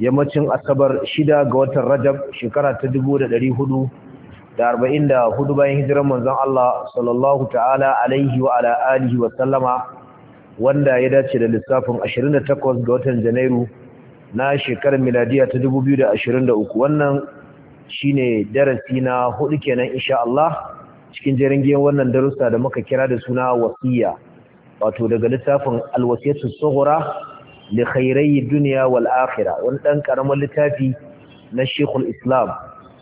yammacin asabar shida ga watan rajab shekara ta dubu da ɗari hudu da arba'in da hudu bayan hijirar manzon Allah sallallahu ta'ala alaihi wa ala alihi wa sallama wanda ya dace da lissafin 28 ga watan janairu na shekarar miladiya ta 2023 wannan shine darasi na hudu kenan insha Allah cikin jeringiyar wannan darussa da muka kira da suna wasiya wato daga littafin alwasiyatu sughra li khairai duniya wal akhira wani dan karamar littafi na Sheikhul Islam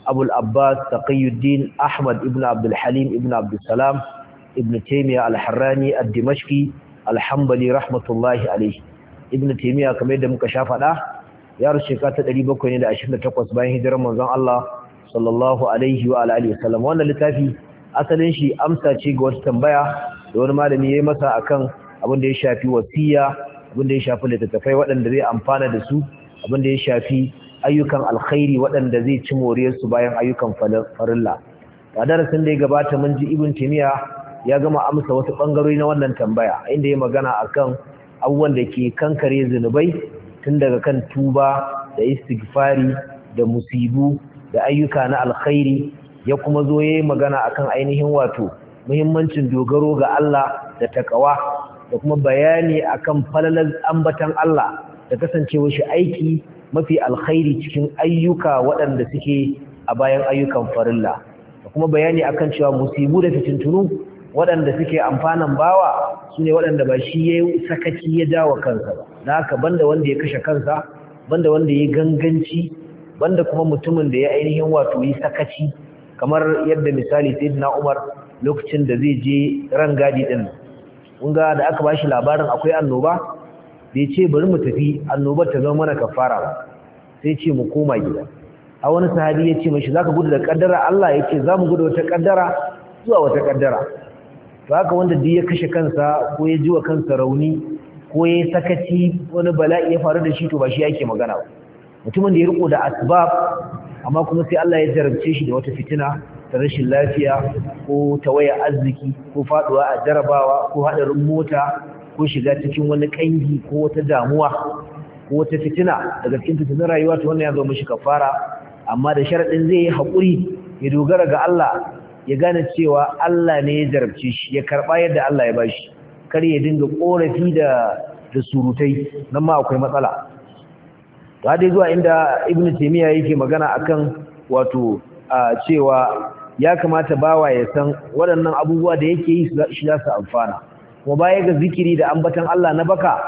Abul Abbas Taqiyuddin Ahmad ibn Abdul Halim ibn Abdul Salam ibn Taymiyyah al-Harrani ad-Dimashqi al-Hanbali rahmatullahi alayhi ibn Taymiyyah kamar yadda muka sha fada ya rushe ta 728 bayan hijirar manzon Allah sallallahu alaihi wa alihi wasallam wannan littafi asalin shi amsa ce ga wata tambaya da wani malami ya yi masa akan abin da ya shafi wasiya abinda ya shafi littattafai waɗanda zai amfana da su abinda ya shafi ayyukan alkhairi waɗanda zai ci su bayan ayyukan farilla a darasin da ya gabata mun ji ibn timiya ya gama amsa wasu ɓangarori na wannan tambaya inda ya magana a kan abubuwan da ke kankare zunubai tun daga kan tuba da istighfari da musibu da ayyuka na alkhairi ya kuma zo ya yi magana akan ainihin wato muhimmancin dogaro ga Allah da takawa da kuma bayani akan falalar ambatan Allah da kasancewar shi aiki mafi alkhairi cikin ayyuka waɗanda suke a bayan ayyukan farilla da kuma bayani akan cewa musibu da fitintunu waɗanda suke amfanan bawa sune waɗanda ba shi ya yi sakaci ya dawo kansa ba da haka banda wanda ya kashe kansa banda wanda ya ganganci banda kuma mutumin da ya ainihin wato yi sakaci kamar yadda misali sai na umar lokacin da zai je rangadi ɗin kun ga da aka bashi labarin akwai annoba bai ce bari mu tafi annobar ta zama mana kafara ba sai ce mu koma gida a wani sahabi ya ce mashi za ka gudu da kaddara Allah ya ce za mu gudu wata kaddara zuwa wata kaddara to haka wanda duk ya kashe kansa ko ya ji wa kansa rauni ko ya yi sakaci wani bala'i ya faru da shi to ba shi yake magana ba mutumin da ya riko da asbab amma kuma sai Allah ya jarabce shi da wata fitina ta rashin lafiya ko ta waya arziki ko faduwa a jarabawa ko haɗarin mota ko shiga cikin wani ƙangi ko wata damuwa ko wata fitina daga cikin fitinin rayuwa ta wannan ya zo mishi kafara amma da sharaɗin zai yi hakuri ya dogara ga Allah ya gane cewa Allah ne ya jarabce shi ya karba yadda Allah ya bashi kar ya dinga korafi da da surutai nan ma akwai matsala to dai zuwa inda ibnu taymiya yake magana akan wato cewa ya kamata bawa ya san waɗannan abubuwa da yake yi shi za su amfana kuma baya ga zikiri da ambatan Allah na baka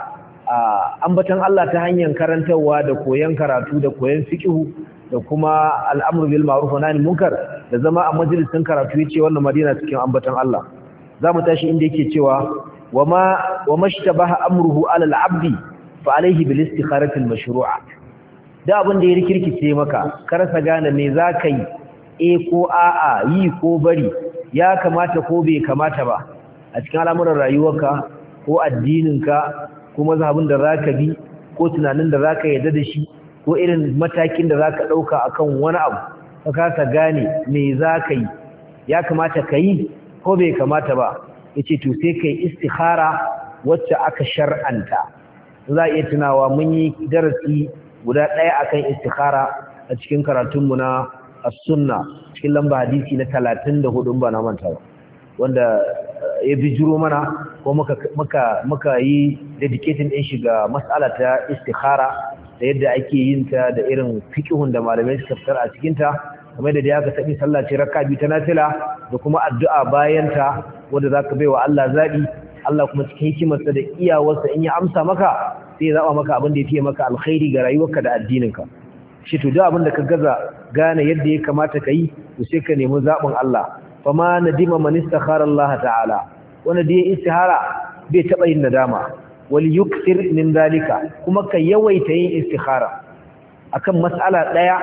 ambatan Allah ta hanyar karantarwa da koyon karatu da koyon fikihu, da kuma al'amru bil ma'ruf wa nahy munkar da zama a majalisin karatu yace wannan madina cikin ambatan Allah Za mu tashi inda yake cewa wama wama amruhu ala al'abdi abdi fa alayhi bil istikharati al-mashru'a da abin da ya rikirkice maka karasa gane me yi. e ko a'a yi ko bari ya kamata ko bai kamata ba a cikin al'amuran rayuwarka ko addininka ko mazhabin da zaka bi ko tunanin da zaka yarda da shi ko irin matakin da zaka dauka akan wani abu ka kasa gane me zaka yi ya kamata ka yi ko bai kamata ba yace to sai kai istikhara wacce aka shar'anta za a iya tunawa mun yi darasi guda ɗaya akan istikhara a cikin karatunmu na as-sunna cikin lamba hadisi na 34 ba na manta ba wanda eh, ya bijiro mana ko muka muka muka yi dedicating din shi ga mas'ala ta istikhara da yadda ake yin ta da irin fiqhun da malamai suka fitar a cikin ta kamar da ya ka sabi sallah ce rakka bi ta nafila da kuma addu'a bayan ta wanda zaka baiwa Allah zabi Allah kuma cikin hikimarsa da iyawarsa in ya amsa maka sai ya zaba maka abin da ya fiye maka alkhairi ga rayuwarka da addininka shi to duk abin da ka gaza gane yadda ya kamata ka yi to sai ka nemi zaɓin Allah fama na dima man istakhara Allah ta'ala wanda da ya istihara bai taɓa yin nadama wal yukthir min dalika. kuma ka yawaita yin istikhara akan mas'ala ɗaya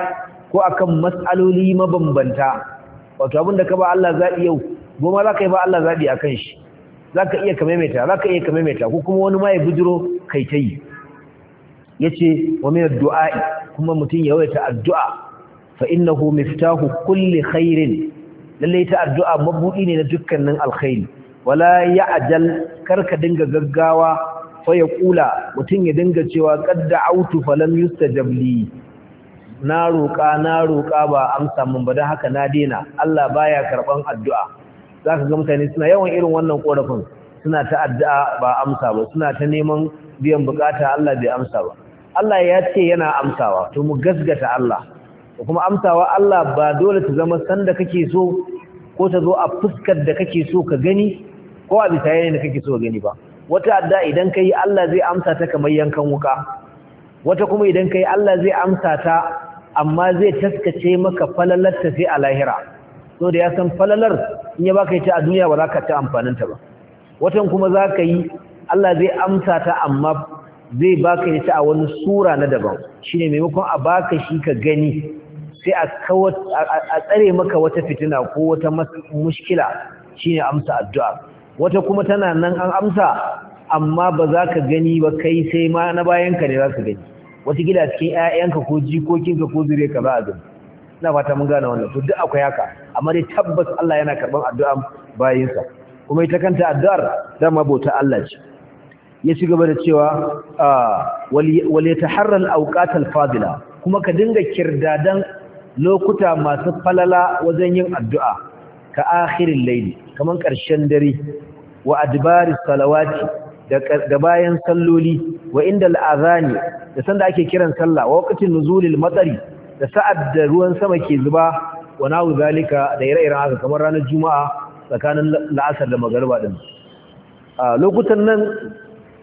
ko akan mas'aloli mabambanta wato abin da ka ba Allah zaɓi yau goma za ka yi ba Allah zaɓi akan shi za ka iya ka maimaita za ka iya ka maimaita ko kuma wani ma ya bujiro kai ta yi yace wa min ad-du'a kuma mutun yawaita addu'a fa innahu miftahu kulli khairin lalle ta addu'a mabuɗi ne na dukkanin alkhairi wala ya'jal karka dinga gaggawa fa ya kula mutun ya dinga cewa qad autu falam yustajab li na roƙa na roƙa ba amsa mun ba dan haka na dena Allah baya karɓan addu'a zaka ga mutane suna yawan irin wannan korafin suna ta addu'a ba amsa ba suna ta neman biyan bukata Allah bai amsa ba Allah ya ce yana amsawa to mu gasgata Allah kuma amsawa Allah ba dole ta zama sanda kake so ko ta zo a fuskar da kake so ka gani ko a bisa yanayin da kake so ka gani ba wata adda idan kai Allah zai amsa ta kamar yankan wuka wata kuma idan kai Allah zai amsa ta amma zai taskace maka falalar ta sai a lahira to da ya san falalar in ya baka ita a duniya ba za ka ci amfanin ta ba watan kuma za ka yi Allah zai amsa ta amma zai baka ita a wani sura na daban shine maimakon a baka shi ka gani sai a a tsare maka wata fitina ko wata mushkila shine amsa addu'a wata kuma tana nan an amsa amma ba za ka gani ba kai sai ma na bayan ka ne za ka gani wata gida cikin 'ya'yanka ko jikokinka ko ka za a gani ina fata mun gane wannan to duk akwai haka amma dai tabbas Allah yana karban addu'a bayinsa kuma ita kanta addu'ar dama bauta Allah ce ya ci gaba da cewa ah, wal yataharra al kuma ka dinga kirdadan lokuta masu falala wajen yin addu'a ka akhirin layli kamar ƙarshen dare wa salawati da bayan salloli wa inda al'azani da sanda ake kiran sallah wa waqtin nuzulil matsari da sa'ad da ruwan sama ke zuba wa nahu zalika da ire-iren haka kamar ranar juma'a tsakanin la'asar da magariba din ah, lokutan nan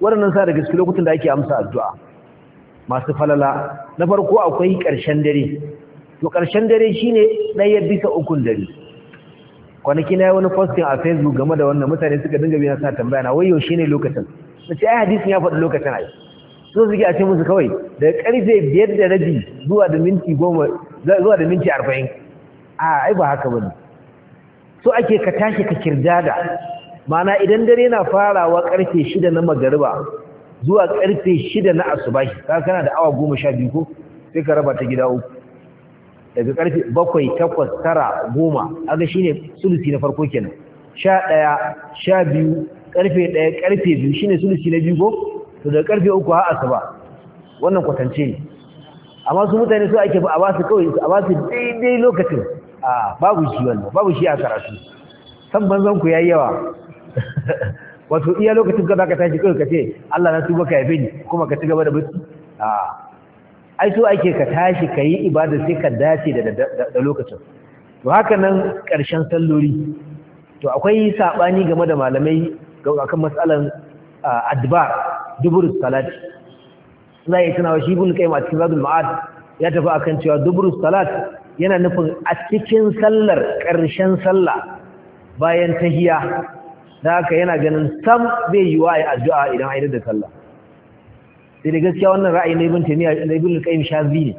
waɗannan sa daga cikin lokutan da ake amsa addu'a masu falala na farko akwai ƙarshen dare to ƙarshen dare shine ɗaya bisa ukun dare kwanaki na yi wani fostin a facebook game da wannan mutane suka dinga biya sa tambaya na wayo ne lokacin na ce ai hadisin ya faɗi lokacin ai so suke a ce musu kawai da ƙarfe biyar da rabi zuwa da minti goma zuwa da minti arba'in a ai ba haka bane so ake ka tashi ka kirjada mana idan dare na farawa karfe shida na magariba zuwa karfe shida na shi ka kana da awa goma ko sai ka raba ta gida uku daga karfe 7 8 9 shine sulusi na farko kenan sha 12 karfe 1 karfe biyu shine sulusi na biyu ko to daga karfe uku har asuba wannan kwatance ne amma su mutane su ake ba a ba su kawai a ba su daidai lokacin a babu shi wannan babu shi a karatu san banzan ku yayi yawa wato iya lokacin ka zaka tashi kai ka Allah na tuba ka bin kuma ka ci da bacci a ai to ake ka tashi ka ibada sai ka dace da da lokacin to haka nan karshen sallori to akwai sabani game da malamai kan masalan adbar duburus salati sai ya tana shi ibn kai a cikin zadul ma'ad ya tafi akan cewa duburus salat yana nufin a cikin sallar karshen sallah bayan tahiya da haka yana ganin sam zai yi wa addu'a idan aidar da sallah sai da gaskiya wannan ra'ayi na ibn taymiya na ibn qayyim shazi ne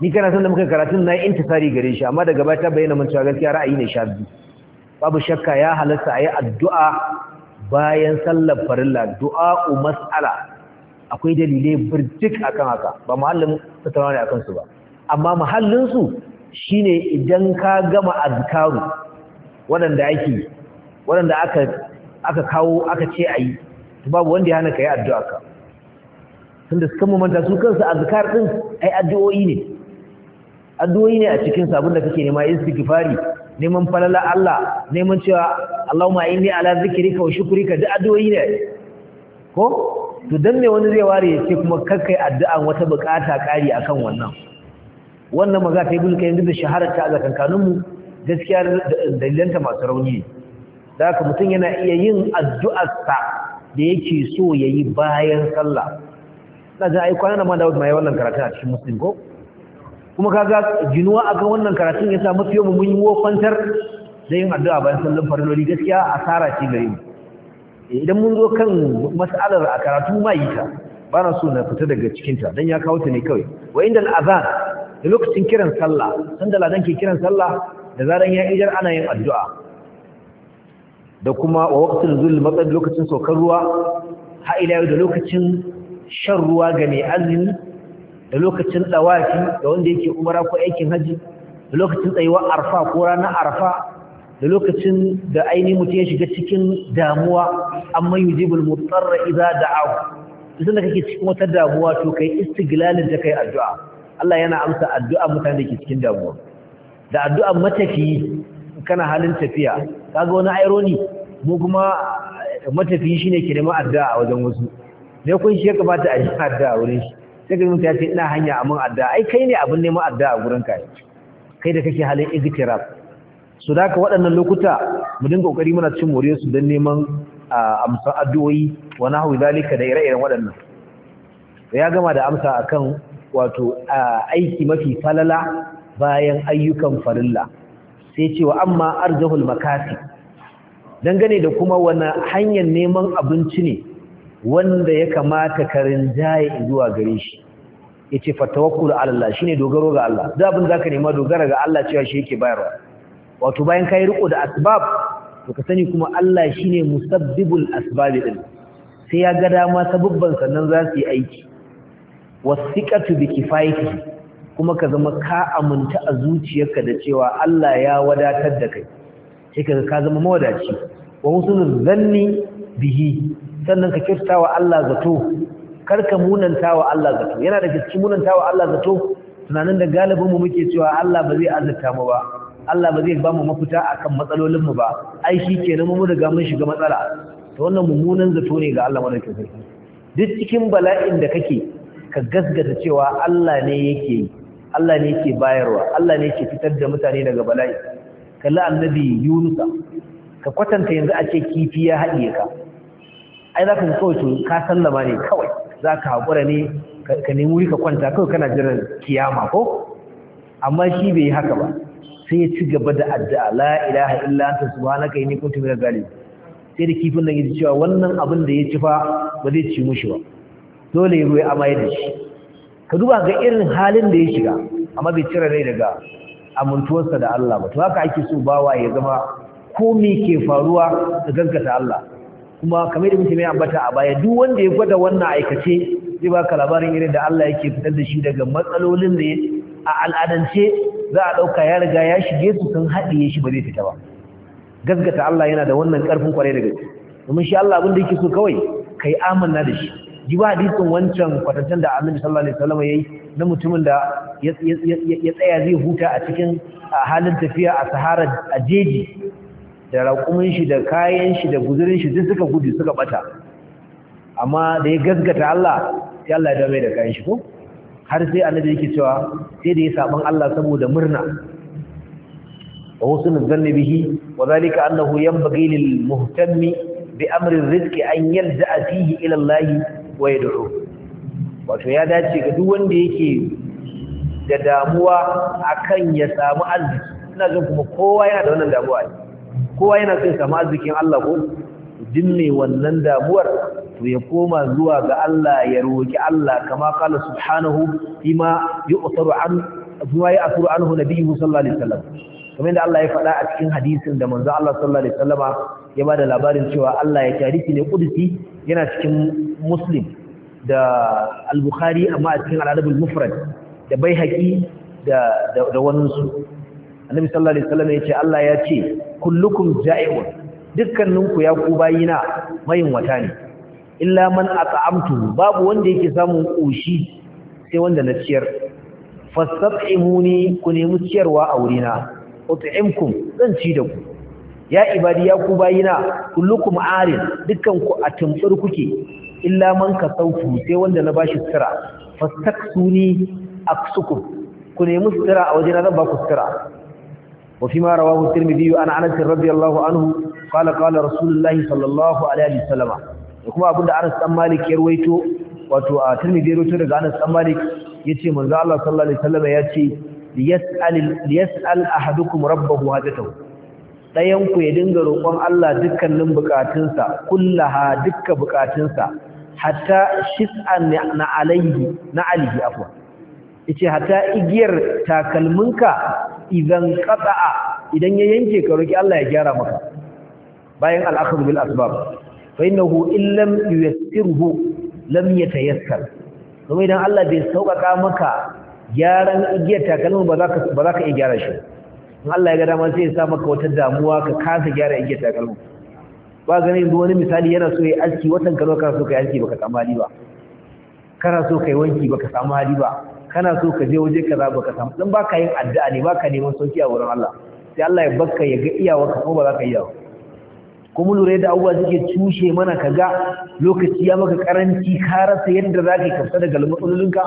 ni kana san da muka karatun na intisari gare shi amma daga baya ta bayyana mun cewa gaskiya ra'ayi ne shazi babu shakka ya halatta yi addu'a bayan sallar farilla u mas'ala akwai dalilai birjik akan haka ba muhallin ta ne akan su ba amma muhallin su shine idan ka gama azkaru waɗanda ake waɗanda aka aka kawo aka ce a yi babu wanda ya hana ka yi addu'a ka tunda suka mamanta su kansu azkar din ai addu'o'i ne addu'o'i ne a cikin sabon da kake nema istighfari neman falala Allah neman cewa Allahumma inni ala zikrika wa shukrika da addu'o'i ne ko to dan ne wani zai ware ya ce kuma kakkai addu'a wata bukata kari akan wannan wannan maza ta yi bulka yanzu da shaharar ta a zakankaninmu gaskiya dalilanta masu rauni ne da haka mutum yana iya yin addu'arsa da yake so ya yi bayan sallah na ji ai kwanan ma da wasu mai wannan karatun a cikin muslim ko kuma kaga jinuwa akan wannan karatun ya sa mafi yawan mun yi kwantar da yin addu'a bayan sallan fariloli gaskiya asara ce gare mu eh, idan mun zo kan mas'alar a karatu ma yi ta ba na so na fita daga cikinta don ya kawo ta ne kawai wa inda al'azan da lokacin kiran sallah sandala ladan ke kiran sallah da zaran ya ijar ana yin addu'a da kuma wa waqtul zul matsal lokacin saukar ruwa ha da lokacin shan ruwa ga mai azumi da lokacin dawafi ga wanda yake umara ko aikin haji da lokacin tsayuwar arfa ko ranar arfa da lokacin da ainihin mutum ya shiga cikin damuwa amma yujibul mutarra idza da'ahu idan kake cikin wata damuwa to kai istiglalin ta kai addu'a Allah yana amsa addu'a mutane da ke cikin damuwa da addu'a matafiyi kana halin tafiya kaga wani irony mu kuma matafiyi shine ke neman adda a wajen wasu dai kun shi ya kamata a yi adda a wurin shi sai ka mutum ya ce ina hanya a mun adda ai kai ne abin neman adda a gurin kai kai da kake halin izkirab su da ka waɗannan lokuta mu dinga kokari muna cin moriyar su don neman amsa addu'o'i wa nahwi zalika da ire-iren waɗannan ya gama da amsa akan wato aiki mafi falala bayan ayyukan farilla sai ce wa amma arzahul makasi dangane da kuma wani hanyar neman abinci ne wanda ya kamata ka rinjaye zuwa gare shi ya ce fatawakkul Allah shine dogaro ga Allah da abin ka nema dogara ga Allah cewa shi yake bayarwa wato bayan ka yi riko da asbab to ka sani kuma Allah shine musabbibul asbab din sai ya ga dama sabubban sannan za su yi aiki sikatu bi kifayati kuma ka zama ka aminta a zuciyarka da cewa Allah ya wadatar da kai sai ka ka zama mawadaci wa husnul zanni bihi sannan ka kirtawa wa Allah zato karka munanta Allah zato yana da cikin munanta Allah zato tunanin da galibin mu muke cewa Allah ba zai azurta mu ba Allah ba zai ba mu mafita akan matsalolin mu ba ai kenan mu riga mun shiga matsala to wannan mummunan zato ne ga Allah madaukakin duk cikin bala'in da kake ka gasgata cewa Allah ne yake yi Allah ne yake bayarwa Allah ne yake fitar da mutane daga bala'i kalli annabi Yunus ka kwatanta yanzu a ce kifi ya haɗiye ka ai za ka ga kawai ka sallama ne kawai za ka haƙura ne ka nemi wuri ka kwanta kawai kana jiran kiyama ko amma shi bai yi haka ba sai ya ci gaba da addu'a la ilaha illa anta subhanaka inni kuntu minal zalimin sai da kifin nan ya ji cewa wannan abin da ya ci fa ba zai ci mushi ba dole ya ruwa amayar da shi ka duba ga irin halin da ya shiga amma bai cire rai daga amintuwarsa da Allah ba to haka ake so bawa ya zama ko me ke faruwa da gaskata Allah kuma kamar da muke mai ambata a baya duk wanda ya gwada wannan aikace zai ka labarin irin da Allah yake fitar da shi daga matsalolin da a al'adance za a dauka ya riga ya shige su sun haɗiye shi ba zai fita ba gaskata Allah yana da wannan karfin kwarai da gaske domin shi Allah abin da yake so kawai kai amanna da shi ji ba hadisin wancan kwatancen da Aminu sallallahu alaihi wasallam yayi na mutumin da ya tsaya zai huta a cikin halin tafiya a sahara a jeji da raƙumin shi da kayan shi da guzurin shi duk suka gudu suka bata amma da ya gaskata Allah sai Allah ya dawo da kayan shi ko har sai annabi yake cewa sai da ya saban Allah saboda murna wa wasu zanni bihi wa zalika annahu yanbaghi lil muhtammi bi amri rizqi an yalza'a fihi ila Allah wa yad'u wato ya dace ga duk wanda yake da damuwa akan ya samu arziki ina jin kuma kowa yana da wannan damuwa ne kowa yana son samu arzikin Allah ko dinne wannan damuwar to ya koma zuwa ga Allah ya roki Allah kama qala subhanahu bima yu'taru an bima ya'taru anhu nabiyyu sallallahu alaihi wasallam kamar da Allah ya faɗa a cikin hadisin da manzo Allah sallallahu alaihi wasallama ya bada labarin cewa Allah ya tarihi ne kudusi yana cikin muslim da al-bukhari amma a cikin al-adabul mufrad da baihaqi da da waninsu annabi sallallahu alaihi wasallam yace Allah ya ce kullukum ja'iun dukkaninku ya ku bayina mayin wata ne illa man at'amtu babu wanda yake samun koshi sai wanda na ciyar fastat'imuni ku nemi ciyarwa a wurina ut'imkum zan ci da ku ya ibadi ya ku bayina kullukum arin dukkan ku a tumfur kuke illa man kasautu sai wanda na bashi sira fastaksuni aksukum ku nemi sira a wajena zan ba ku sira wa fi ma rawahu tirmidhi an anas radiyallahu anhu qala qala rasulullahi sallallahu alaihi wasallam kuma abinda Anas dan Malik ya ruwaito wato a tirmidhi ya ruwaito daga Anas dan Malik yace manzo Allah sallallahu alaihi wasallam yace liyas'al liyas'al ahadukum rabbahu hajatahu ɗayanku ya dinga roƙon Allah dukkanin bukatunsa kullaha dukkan bukatunsa hatta shis'an na alayhi na alihi afwa yace hatta igiyar takalminka idan qata'a idan ya yanke ka roki Allah ya gyara maka bayan al-akhdhu bil asbab fa innahu illam yuyassirhu lam yatayassar kuma idan Allah bai sauƙaƙa maka gyaran igiyar takalmin ba za ba za ka iya gyara shi in Allah ya ga dama sai ya sa maka wata damuwa ka kasa gyara yake kalmu ba ga nan wani misali yana so ya aski watan kano kana so ka aski baka samu hali ba kana so ka wanki baka samu hali ba kana so ka je waje kaza baka samu dan baka yin addu'a ne baka neman sauki a wurin Allah sai Allah ya baka ya ga iyawa ka kuma ba za ka ba. kuma lura da abubuwa suke cushe mana kaga lokaci ya maka karanci ka rasa yadda za ka kafsa daga matsalolinka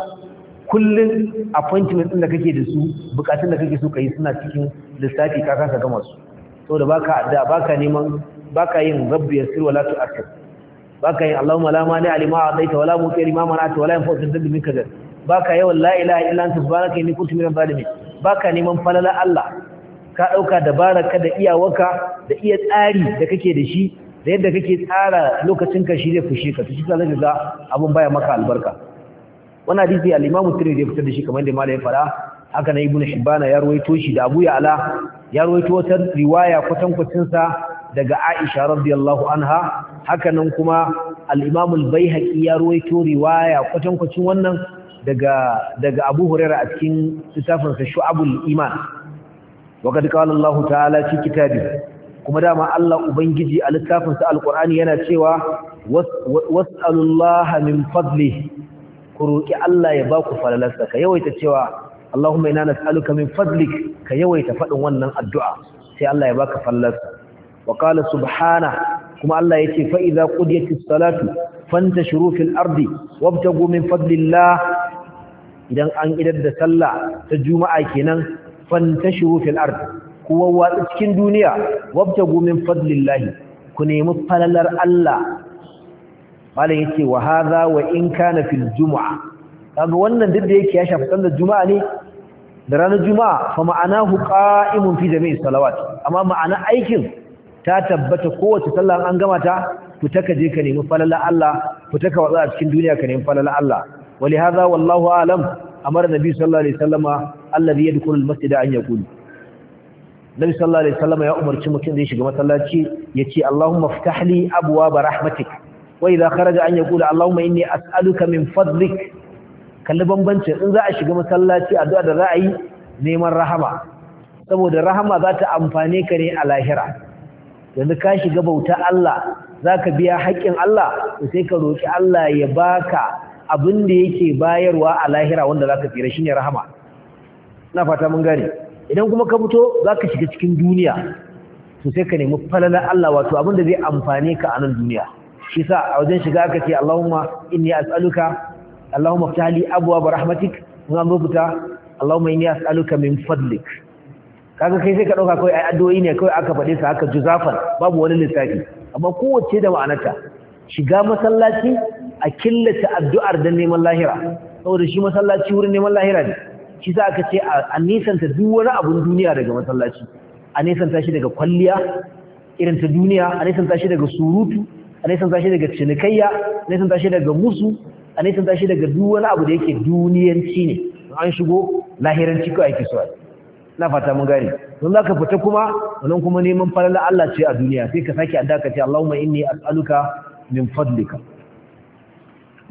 kullum appointment ɗin da kake da su bukatun da kake so ka yi suna cikin lissafi ka kasa gama su saboda baka da baka neman baka yin rabbi yasir wala tu'assir baka yin allahumma la mani alima ataita wala muti lima manata wala yanfu dhil minka dhil baka yawan la ilaha illa anta subhanaka inni kuntu minaz zalimin baka neman falala Allah ka dauka dabaraka da iyawarka da iya tsari da kake da shi da yadda kake tsara lokacinka shi zai fushe ka to shi zaka ga abun baya maka albarka Wani hadisi al-Imam Tirmidhi ya fitar da shi kamar da malai fara haka na Ibn Shibana ya ruwaito shi da Abu Ya'la ya ruwaito wata riwaya kwatankwacinsa sa daga Aisha radiyallahu anha haka nan kuma al-Imam al-Baihaqi ya ruwaito riwaya kwatankwacin wannan daga daga Abu Hurairah a cikin littafin sa Shu'abul Iman waqad qala Allah ta'ala fi kitabi. kuma dama Allah Ubangiji a littafinsa Alƙur'ani yana cewa was'alullaha min fadli ku roƙi Allah ya ba ku falalarsa ka yawaita cewa Allahumma inna nas'aluka min fadlik ka yawaita faɗin wannan addu'a sai Allah ya baka falalarsa wa qala subhana kuma Allah yace fa idza qudiyatis salatu fantashuru fil ardi wabtagu min fadlillah idan an idar da sallah ta juma'a kenan fantashuru fil ardi ku wawwatsu cikin duniya wabtagu min fadlillah ku nemi falalar Allah malam yace wa hadha wa in kana fil jumu'a kaga wannan duk da yake ya shafi sallar juma'a ne da ranar juma'a fa ma'anahu qa'imun fi jami'i salawat amma ma'ana aikin ta tabbata kowace sallah an gama ta fita ka je ka nemi falala Allah fita ka watsa a cikin duniya ka nemi falala Allah wali hadha wallahu alam amara nabi sallallahu alaihi wasallama alladhi yadkhulu al-masjid an yaqul nabi sallallahu alaihi wasallama ya umarci mutum da ya shiga masallaci yace Allahumma iftah li abwaaba rahmatika wa idza kharaja an yaqula allahumma inni as'aluka min fadlik kalli bambanci in za a shiga masallaci addu'a da za a yi neman rahama saboda rahama za ta amfane ka ne a lahira yanzu ka shiga bauta Allah zaka biya haƙƙin Allah sai ka roki Allah ya baka abin da yake bayarwa a lahira wanda zaka ka tsira shine rahama ina fata mun gane idan kuma ka fito zaka shiga cikin duniya to sai ka nemi falalar Allah wato abin da zai amfane ka a nan duniya Kisa a wajen shiga aka ce Allahumma inni as'aluka Allahumma ftahli abwaab rahmatik mun an rubuta Allahumma inni as'aluka min fadlik kaga kai sai ka dauka kai addu'o'i ne kawai aka fade sa haka juzafan babu wani lissafi amma kowace da ma'anarta shiga masallaci a killace addu'ar da neman lahira saboda shi masallaci wurin neman lahira ne shi sa aka ce a nisanta duk wani abun duniya daga masallaci a nisanta shi daga kwalliya irin ta duniya a nisanta shi daga surutu a nesan tashi daga cinikayya a nesan tashi daga musu a nesan tashi daga duk wani abu da yake duniyanci ne an shigo lahiranci kawai ake so na fata mun gane don zaka fita kuma wannan kuma neman falala Allah ce a duniya sai ka sake adda ka ce Allahumma inni as'aluka min fadlika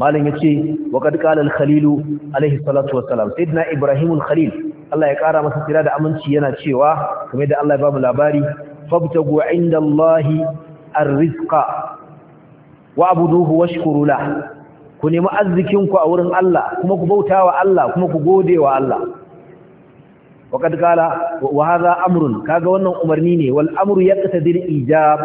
malam yace wa qad qala al khalil alaihi salatu wassalam sayyidina ibrahim al khalil Allah ya kara masa tsira da aminci yana cewa kamar da Allah ya ba mu labari fabtagu inda Allah arrizqa wa abuduhu washkuru la ku nemi arzikin ku a wurin Allah kuma ku bauta wa Allah kuma ku gode wa Allah waqad qala wa hadha amrun kaga wannan umarni ne wal amru yaqtadi ijab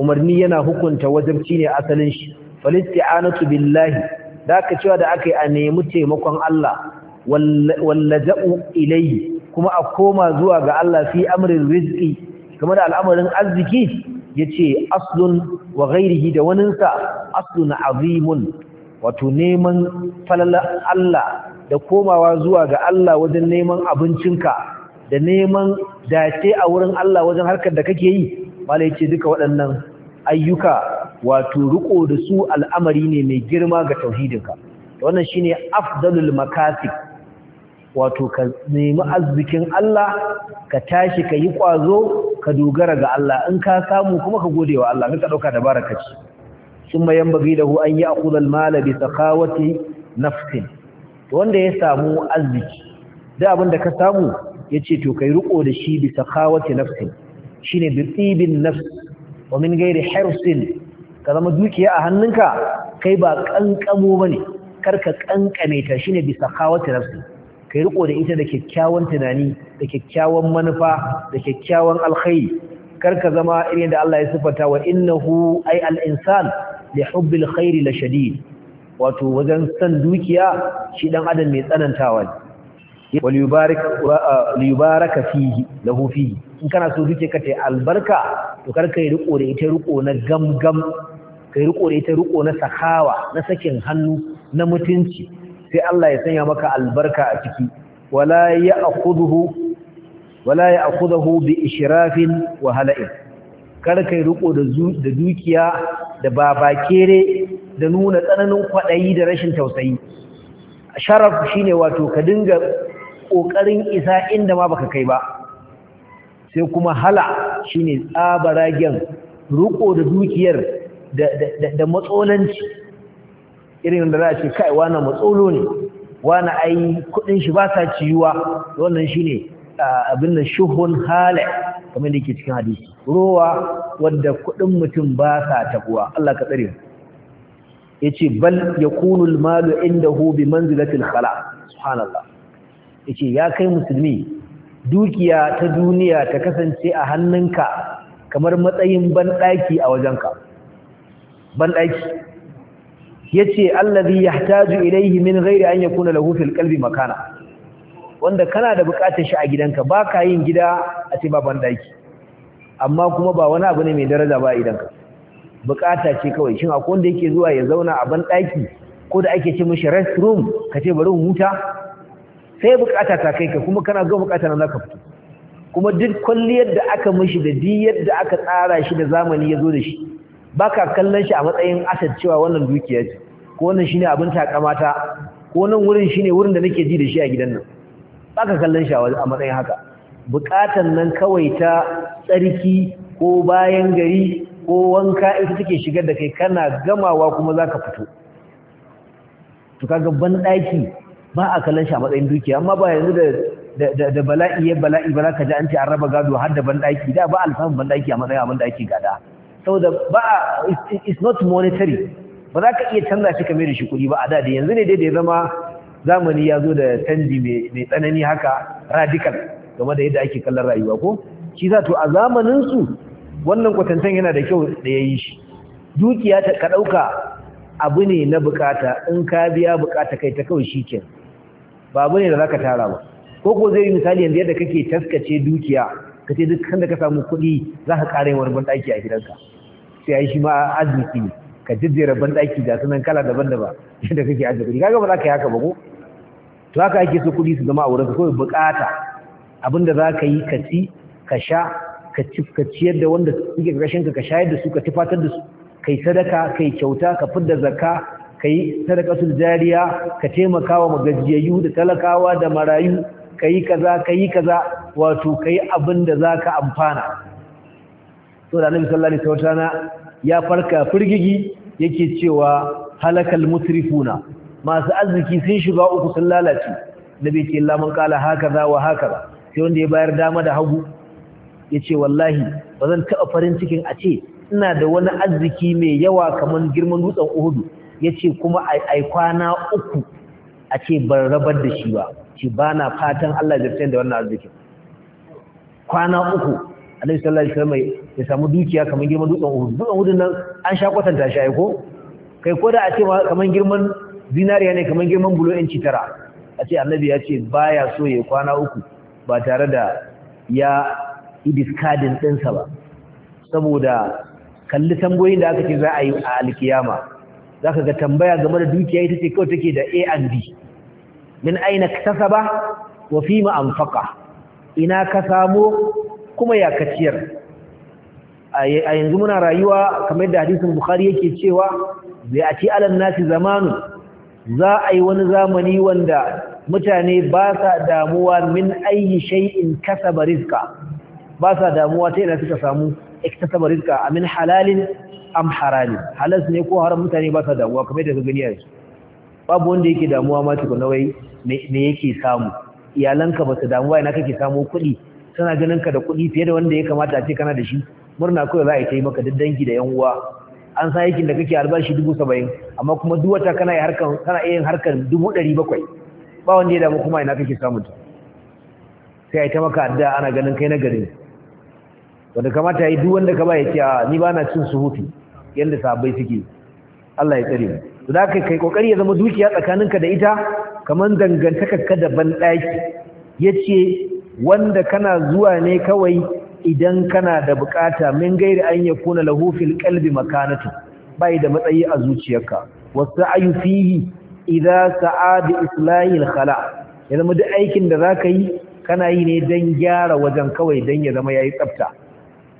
umarni yana hukunta wajibci ne asalin shi falisti'anatu billahi da aka cewa da aka yi a nemi taimakon Allah wallaja'u ilayhi kuma a koma zuwa ga Allah fi amrin rizqi kamar al'amarin arziki yace aslun wa ghairihi da waninsa aslun azimun wato neman falala Allah da komawa zuwa ga Allah wajen neman abincin ka da neman dace a wurin Allah wajen harkar da kake yi malai ce duka waɗannan ayyuka wato riko da su al'amari ne mai girma ga tauhidinka wannan shine afdalul makasib wato ka nemi arzikin Allah ka tashi ka yi kwazo ka dogara ga Allah in ka samu kuma ka gode wa Allah ka dauka da barakaci summa yanbaghi dahu an yi akudal mala bi sakawati nafsin wanda ya samu arziki da abin da ka samu ya ce to kai riko da shi bi sakawati nafsin shine bi tibin nafs wa min ghairi hirsin ka zama dukiya a hannunka kai ba kankamo bane karka kankame ta shine bi sakawati nafsin Ka riko da ita da kyakkyawan tunani da kyakkyawan manufa da kyakkyawan alkhairi kar ka zama irin da Allah ya sifata wa innahu ay al-insan li hubbil khairi la shadid wato wajen san dukiya shi dan adam mai tsanantawa ne wal yubarik li yubaraka fihi lahu fihi in kana so duke ka tai albarka to kar kai riko da ita riko na gamgam kai riko da ita riko na sakawa na sakin hannu na mutunci sai Allah ya sanya maka albarka a ciki wala ya'khudhu wala ya'khudhu bi israfin wa hala'in kar kai riko da da dukiya da babakere da nuna tsananin kwadayi da rashin tausayi sharaf shine wato ka dinga kokarin isa inda ma baka kai ba sai kuma hala shine tsabaragen riko da dukiyar da da da matsolanci irin da za a ce kai wani matsolo ne wani ai kudin shi ba sa ciyuwa wannan shine abin da shuhun hala kamar da yake cikin hadisi Ruwa wanda kudin mutum ba sa tabuwa Allah ka tsare yace bal ya al-malu indahu bi manzilati khala subhanallah yace ya kai musulmi dukiya ta duniya ta kasance a hannunka kamar matsayin banɗaki a wajenka banɗaki yace allazi yahtaju ilayhi min ghairi an yakuna lahu fil qalbi makana wanda kana da bukatar shi a gidanka baka yin gida a ce baban daki amma kuma ba wani abu ne mai daraja ba a gidanka. bukata ce kawai shin akwai wanda yake zuwa ya zauna a ban daki ko da ake ce mishi restroom ka ce bari huta sai bukata ta kai ka kuma kana ga bukata nan zaka fito kuma duk kwalliyar da aka mishi da diyar da aka tsara shi da zamani ya zo da shi baka kallon shi a matsayin asad cewa wannan dukiya ce ko wannan shine abin takamata ko nan wurin shine wurin da nake ji da shi a gidan nan baka kallon shi a matsayin haka bukatan nan kawai ta tsarki ko bayan gari ko wanka ita take shigar da kai kana gamawa kuma zaka fito to kaga ban daki ba a kallon shi a matsayin dukiya amma ba yanzu da da bala'i ya bala'i ba za ka ji an ce an raba gado har da ban daki da ba alfahun ban daki a matsayin abin da ake gada saboda ba it's not monetary ba za ka iya canza shi kamar da shi kuɗi ba a da yanzu ne dai da ya zama zamani ya zo da canji mai tsanani haka radical game da yadda ake kallon rayuwa ko shi za to a zamanin su wannan kwatantan yana da kyau da ya yi shi dukiya ta ka ɗauka abu ne na bukata in ka biya bukata kai ta kawai shi ke ba abu ne da za ka tara ba ko ko zai yi misali yanzu yadda kake taskace dukiya ka ce duk kan da ka samu kuɗi za ka ƙara yin wani banɗaki a gidanka sai shi ma arziki ne ka jejjera bandaki ga sunan kala daban-daban yadda kake ajiye kaga ba za ka yi haka ba ko to haka ake so kudi su zama a wurinka kawai bukata abinda za ka yi ka ci ka sha ka ciyar da wanda suke ƙarƙashin ka shayar da su ka tufatar da su kai sadaka kai kyauta ka fidda zakka kai sadaqatul jariya ka taimakawa gajiyayyu da talakawa da marayu kai kaza kai kaza wato kai abinda zaka amfana saboda annabi sallallahu alaihi wasallam ya farka firgigi yake cewa halakal mutrifuna masu arziki sun shiga uku sun lalace nabi ce Allah mun kala hakaza wa hakaza sai wanda ya bayar dama da hagu yace wallahi bazan taba farin cikin a ce ina da wani arziki mai yawa kaman girman dutsen Uhud yace kuma ai kwana uku a ce ban rabar da shi ba ce bana fatan Allah ya da wannan arzikin kwana uku Annabi sallallahu alaihi wasallam ya samu dukiya kamar girman dutsen uhudu dutsen uhudu nan an sha kwatanta shi ko kai ko da a ce kamar girman zinariya ne kamar girman bulo ci tara a ce annabi ya ce baya so ya kwana uku ba tare da ya yi diskadin ɗinsa ba saboda kalli tambayoyin da aka ce za a yi a alkiyama za ka ga tambaya game da dukiya ita ce kawai take da a and b min aina kasaba wa fi ma anfaqa ina ka samo kuma ya kaciyar a yanzu muna rayuwa kamar da hadisin bukhari yake cewa zai a ci alan nasi zamanu za a yi wani zamani wanda mutane ba sa damuwa min ayi shay'in kasaba rizqa ba sa damuwa ta ina suka samu kasaba rizqa amin halalin am haramin halas ne ko haram mutane ba sa damuwa kamar da gani yanzu babu wanda yake damuwa ma tukuna wai me yake samu iyalanka ba su damuwa ina kake samu kuɗi suna ganin ka da kuɗi fiye da wanda ya kamata a ce kana da shi murna kawai za a yi ta yi maka da dangi da yan uwa an sa aikin da kake albashi dubu saba'in amma kuma duk wata kana yi harkar kana yin harkar dubu ɗari bakwai ba wanda ya damu kuma ina kake samun ta sai a yi ta maka adda ana ganin kai na gari wanda kamata ya yi duk wanda ka ba ya ce a ni ba na cin hutu yadda sahabbai suke Allah ya tsare mu to da kai kai kokari ya zama dukiya tsakaninka da ita kaman dangantakar ka da ban daki yace wanda kana zuwa ne kawai idan kana da bukata min gairi an yakuna lahu fil qalbi makanatu bai da matsayi a zuciyarka wasa'yu fihi idza sa'a bi islahil khala ya zama duk aikin da zaka yi kana yi ne dan gyara wajen kawai dan ya zama yayi tsafta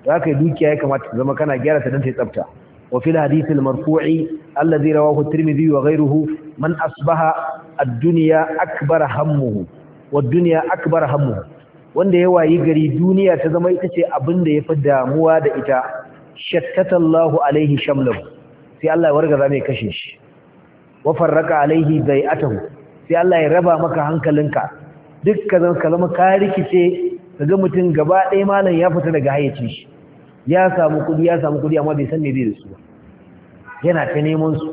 zaka yi dukiya ya kamata ta zama kana gyara ta dan ta yi tsafta wa fil hadith al marfu'i alladhi rawahu tirmidhi wa ghayruhu man asbaha ad-dunya akbar hammuhu wad-dunya akbar hammuhu wanda ya wayi gari duniya ta zama ita ce abin da ya fi damuwa da ita shattatallahu alaihi shamlahu sai Allah ya wargaza mai kashe shi wa farraka alaihi atahu sai Allah ya raba maka hankalinka duk ka zama ka zama ka rikice kaga mutum gaba ɗaya malam ya fita daga hayyaci shi ya samu kudi ya samu kudi amma bai san me zai da su ba yana ta neman su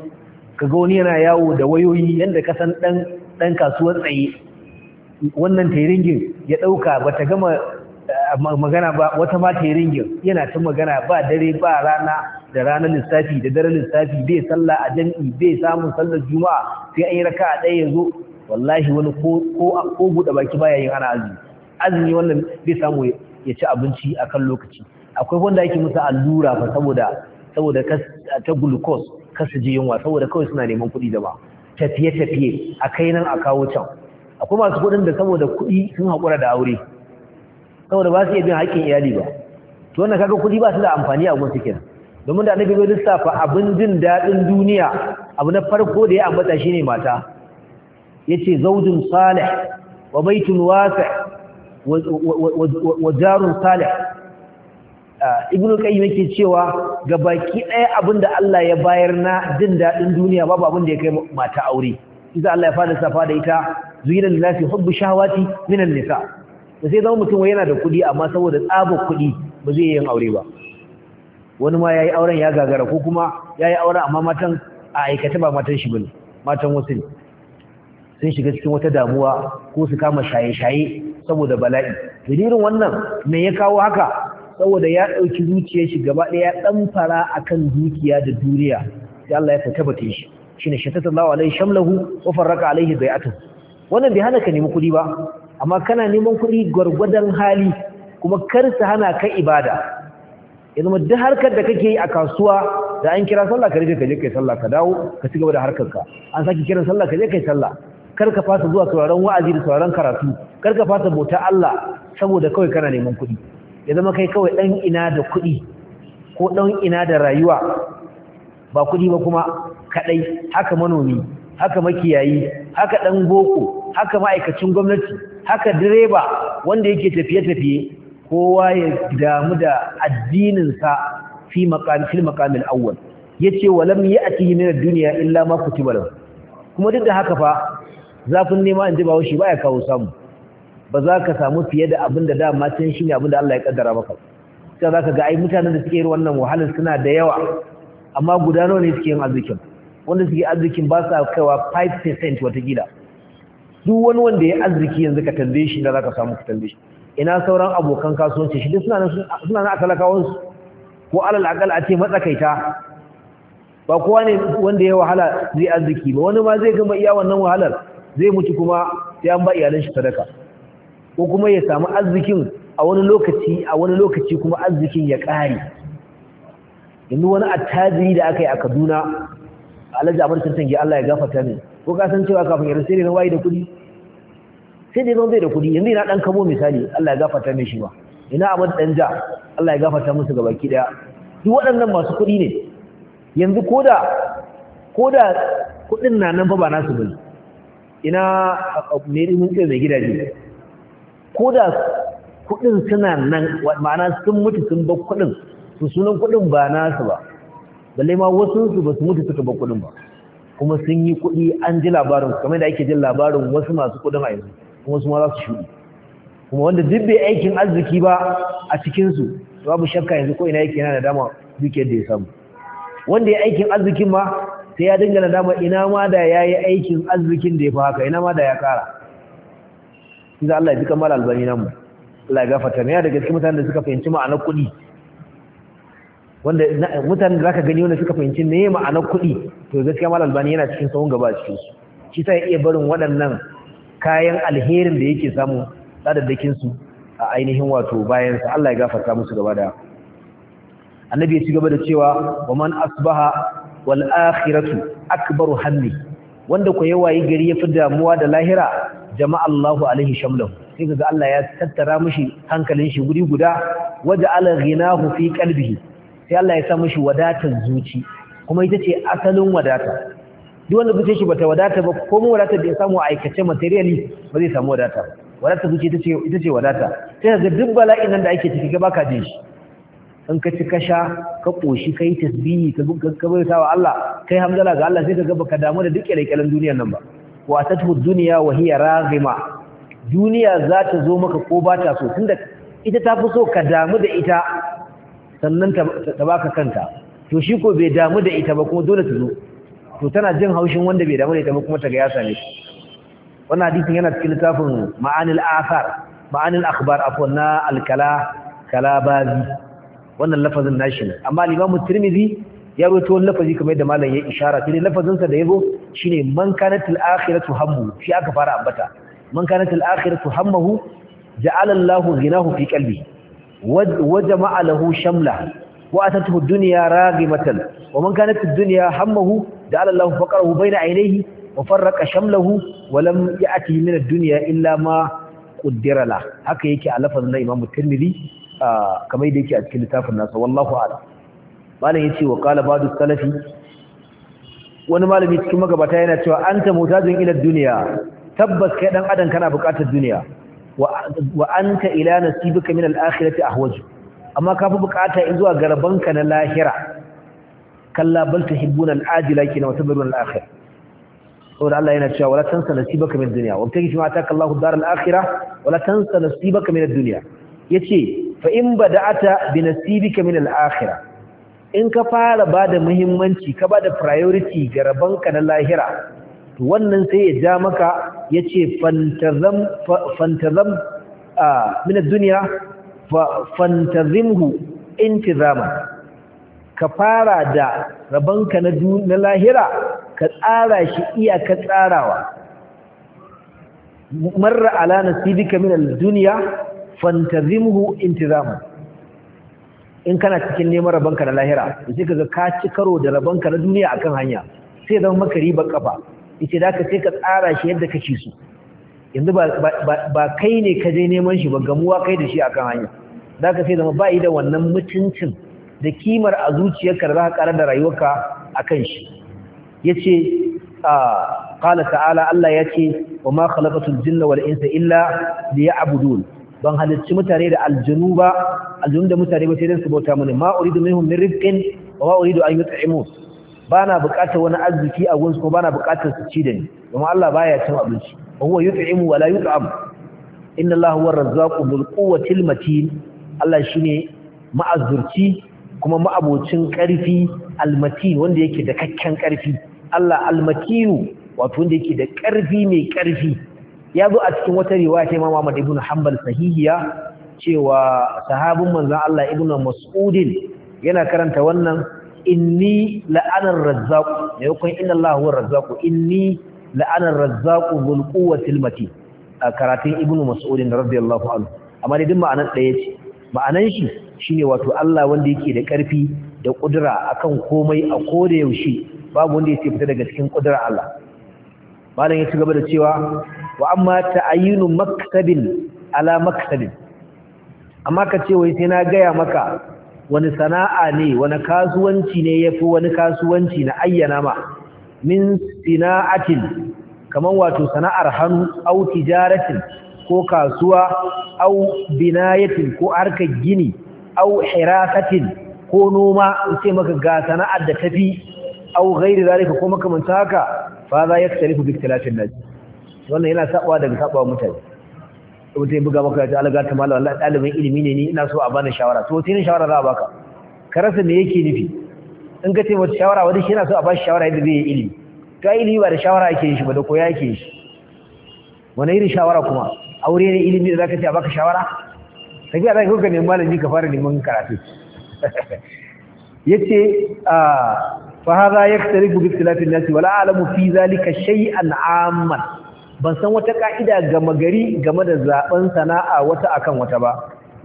kaga wani yana yawo da wayoyi yanda ka san dan dan kasuwar tsaye wannan teringin ya ɗauka ba ta gama eh, magana ba wata ma teringin yana ta magana ba dare ba rana da ranar lissafi da dare lissafi bai sallah a jam'i bai samun sallar juma'a sai an yi raka a ɗaya yanzu wallahi wani ko buɗe baki baya yin ana azumi azumi wannan bai samu ya ci abinci a kan lokaci akwai wanda yake musu allura fa saboda saboda ta glucose kasu ji yunwa saboda kawai suna neman kuɗi da ba tafiye-tafiye a kai nan a kawo can akwai masu kuɗin da saboda kuɗi sun haƙura da aure saboda ba su iya bin haƙƙin iyali ba to wannan kaga kuɗi ba su da amfani a gunsu kenan domin da annabi bai lissafa abin jin daɗin duniya abu na farko da ya ambata shine mata yace zawjun salih wa baitun wasi' wa jarun salih ibn qayyim yake cewa ga baki ɗaya abin da Allah ya bayar na jin daɗin duniya babu abin da ya kai mata aure idan Allah ya fada safa da ita zuyina lillahi hubbu shahawati minan nisa da sai zama mutum yana da kuɗi amma saboda tsabar kuɗi ba zai yin aure ba wani ma yayi auren ya gagara ko kuma yayi auren amma matan a aikata ba matan shi bane matan wasu sun shiga cikin wata damuwa ko su kama shaye-shaye saboda bala'i dalilin wannan me ya kawo haka saboda ya ɗauki zuciyar shi gaba ɗaya ɗan fara akan dukiya da duniya sai Allah ya tabbata shi shine shattatallahu alaihi shamlahu wa farraka alaihi bai'atu wannan bai hana ka nemi kuɗi ba amma kana neman kuɗi gwargwadon hali kuma kar sa hana ka ibada Yanzu mu duk harkar da kake yi a kasuwa da an kira sallah ka rike ka je kai sallah ka dawo ka cigaba da harkar ka an saki kiran sallah ka je kai sallah kar ka fasa zuwa sauraron wa'azi da sauraron karatu kar ka fasa bauta Allah saboda kawai kana neman kuɗi ya zama kai kawai dan ina da kuɗi ko dan ina da rayuwa ba kuɗi ba kuma kaɗai haka manomi haka makiyayi haka ɗan goko haka ma'aikacin gwamnati haka direba wanda yake tafiye-tafiye kowa ya damu da addininsa fi makamil awwal ya ce walam yi a cikin minar duniya illa ma ku lahu kuma duk da haka fa zafin nema in ji bawo ba ya kawo samu ba za ka samu fiye da abin da dama can shi ne abin da Allah ya kaddara maka sai za ka ga ai mutanen da suke yi wannan wahalar suna da yawa amma guda nawa ne suke yin arzikin wanda suke arzikin ba sa kaiwa 5% watakila duk wani wanda ya arziki yanzu ka tambaye shi da za ka samu ka tambaye shi ina sauran abokan kasuwanci shi suna nan suna nan a talakawansu ko alal akal a ce matsakaita ba kowa ne wanda ya wahala zai arziki ba wani ma zai gama iya wannan wahalar zai mutu kuma sai an ba iyalan shi sadaka ko kuma ya samu arzikin a wani lokaci a wani lokaci kuma arzikin ya ƙare yanzu wani attajiri da aka yi a Kaduna alhaji amur tantange Allah ya gafarta ni ko ka san cewa kafin ya sai na wai da kuɗi sai dai zan zai da kuɗi yanzu ina dan kamo misali Allah ya gafarta mai shi ba ina abin dan ja Allah ya gafarta musu baki daya duk waɗannan masu kuɗi ne yanzu koda koda kuɗin na nan fa ba nasu bane ina ne mun ce mai gidaje koda kuɗin suna nan ma'ana sun mutu sun bar kuɗin su sunan kuɗin ba nasu ba balle ma wasu su ba su mutu suka ba kuɗin ba kuma sun yi kuɗi an ji labarin kamar da ake jin labarin wasu masu kuɗin a yanzu kuma su ma za su shuɗi kuma wanda duk bai aikin arziki ba a cikinsu babu shakka yanzu ko ina yake yana da dama dukiyar da ya samu wanda ya aikin arzikin ma sai ya dinga nadama ina ma da ya yi aikin arzikin da ya fi haka ina ma da ya kara idan Allah ya ji kamar albani mu Allah ya gafarta ne daga cikin mutanen da suka fahimci ma'anar kuɗi wanda mutanen da zaka gani wanda suka fahimci me ma'anar kuɗi to gaskiya mal albani yana cikin tsawon gaba a cikin su shi ya iya barin waɗannan kayan alherin da yake samu tsadaddakin su a ainihin wato bayan sa Allah ya gafarta musu gaba da annabi ya ci gaba da cewa wa man asbaha wal akhiratu akbaru hammi wanda ko yi gari ya fi damuwa da lahira jama'a Allahu alaihi shamlahu sai kaga Allah ya tattara mishi hankalin shi guri guda waja ala ghinahu fi qalbihi sai Allah ya sa mishi wadatar zuci kuma ita ce asalin wadata duk wanda zuciyar shi bata wadata ba ko mu wadata da ya samu a aikace materially ba zai samu wadata wadata zuci ita ce ita ce wadata sai ga duk bala'in nan da ake ciki ga baka jin shi in ka ci kasha sha ka koshi kai yi tasbihi ka bauta wa Allah kai hamdala ga Allah sai ka ga baka damu da duk kyalkyalan duniyar nan ba wa tatu dunya wa hiya raghima duniya za ta zo maka ko ba ta so tunda ita ta fi so ka damu da ita sannan ta baka kanta to shi ko bai damu da ita ba kuma dole ta zo to tana jin haushin wanda bai damu da ita ba kuma ta ga ya same shi wannan hadisin yana cikin littafin ma'anil athar ma'anil akhbar afwan na al kalabazi wannan lafazin nashi ne amma al-imam tirmidhi ya rawaito wannan lafazi kamar da malam ya ishara shi ne lafazin sa da yazo shine man kanatil akhiratu hammu shi aka fara ambata man kanatil akhiratu hammuhu ja'ala Allahu ghinahu fi qalbihi وجمع له شمله واتته الدنيا راغمه ومن كانت الدنيا همه جعل الله فقره بين عينيه وفرق شمله ولم ياته من الدنيا الا ما قدر له haka yake a lafa na Imam Tirmidhi kamar da yake a cikin littafin nasa wallahu a'lam malam yace wa qala ba'du salafi wani malami cikin magabata yana cewa anta mutajin ila duniya, tabbas kai dan adam kana buƙatar duniya wa anta ila nasibika min al-akhirati ahwaju amma ka fi bukata zuwa ga na lahira Kan bal tuhibbuna al-ajila kina wa tabiruna al-akhirah saboda Allah yana cewa wala tansa nasibaka min duniya. Wata tagi ma taka Allahu dar al-akhirah wala tansa nasibaka min duniya. Ya ce fa in bada'ata bi nasibika min al'akira. in ka fara bada muhimmanci ka bada priority ga na lahira wannan sai ya ja maka ya ce fantazam a minar duniya fantazimhu intizama ka fara da rabanka na lahira ka tsara shi iyaka tsarawa marra ala nasibika min duniya fantazimhu intizama in kana cikin neman rabanka na lahira sai kaga ka ci karo da rabanka na duniya akan hanya sai zama maka ribar kafa Ice da ka sai ka tsara shi yadda kake so yanzu ba kai ne ka je neman shi ba gamuwa kai da shi akan hanya da ka sai zama ba da wannan mutuncin da kimar a zuciyarka da za ka karar da rayuwarka akan shi yace ah, qala ta'ala Allah yace wa ma khalaqatul jinna wal insa illa liya'budun ban halicci mutane da aljanu ba aljunu da mutane ba sai dan su bauta mini ma uridu minhum min rizqin wa ma uridu an yut'imun ba na buƙatar wani arziki a gunsu ko ba na buƙatar su ci da ni domin Allah baya cin abinci wa huwa yut'imu wa la yut'am inna Allah huwa ar ku bil quwwati matin Allah ne ma'azurci kuma ma'abocin ƙarfi almatin wanda yake da kakken ƙarfi Allah almatinu wato wanda yake da ƙarfi mai ƙarfi ya zo a cikin wata riwaya ta Imam Ahmad ibn Hanbal sahihiya cewa sahabin manzon Allah ibn Mas'udin yana karanta wannan inni la'anar razzaq ne kun inna Allah huwa razzaq inni la'anar razzaq zul quwwatil matin a karatun ibnu mas'ud radiyallahu anhu amma dai duk ma'anar ɗaya ce Ma'anan shi shine wato Allah wanda yake da ƙarfi da kudura akan komai a koda yaushe babu wanda ya yake fita daga cikin kudurar Allah malam ya ci gaba da cewa wa amma ta'ayyinu maktabin ala maktabin amma ka ce wai sai na gaya maka wani sana'a ne wani kasuwanci ne ya fi wani kasuwanci na ayyana ma min sina'atin kamar wato sana'ar hannu au tijaratin ko kasuwa au binayatin ko harkar gini au hirasatin ko noma in ce maka ga sana'ar da tafi au gairi zalika ko makamanta haka fa za ya tsarifu bi talatin naji wannan yana sabawa daga sabawa mutane wata buga maka ta alaga ta malam wallahi ɗalibin ilimi ne ni ina so a bani shawara to wata irin shawara za a baka ka rasa me yake nufi in ka ce wata shawara wani shi yana so a bashi shawara yadda zai yi ilimi to ai ilimi ba da shawara ake yi shi ba da koya ake yi shi wani irin shawara kuma aure ne ilimi da za ka ce a baka shawara tafiya za ka kuka neman malami ka fara neman karatu yace fa hadha yaktarifu bi ikhtilafin nasi wala a'lamu fi zalika shay'an 'amman ban san wata ka'ida gama game da zaben sana'a wata akan wata ba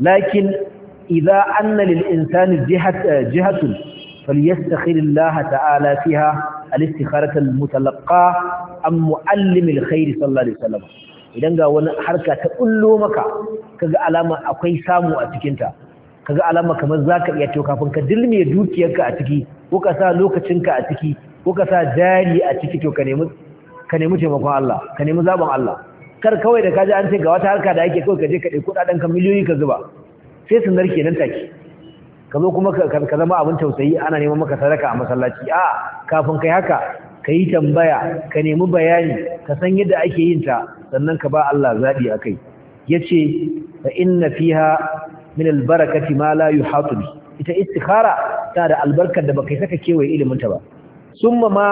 lakin idza anna lil insani eh, jihatun falyastakhirillaha ta'ala fiha al-istikharatu al-mutalaqqa am muallim al-khair sallallahu alaihi wasallam idan ga wani harka ta kullo maka kaga alama akwai samu a cikin ta kaga alama kamar zaka iya to kafin ka dilme dukiyarka a ciki ko ka sa lokacinka a ciki ko ka sa jari a ciki to ka nemi ka nemi taimakon Allah ka nemi zaɓin Allah kar kawai da kaji an ce ga wata harka da ake kawai ka je ka ɗauki kuɗaɗen ka miliyoyi ka zuba sai su narke nan take ka zo kuma ka zama abin tausayi ana neman maka sadaka a masallaci a kafin kai haka ka yi tambaya ka nemi bayani ka san yadda ake yin ta sannan ka ba Allah zaɓi a kai ya ce fa inna fiha min albarakati ma la yuhatu bi ita istikhara ta da albarkar da baka saka kewaye ilimin ta ba summa ma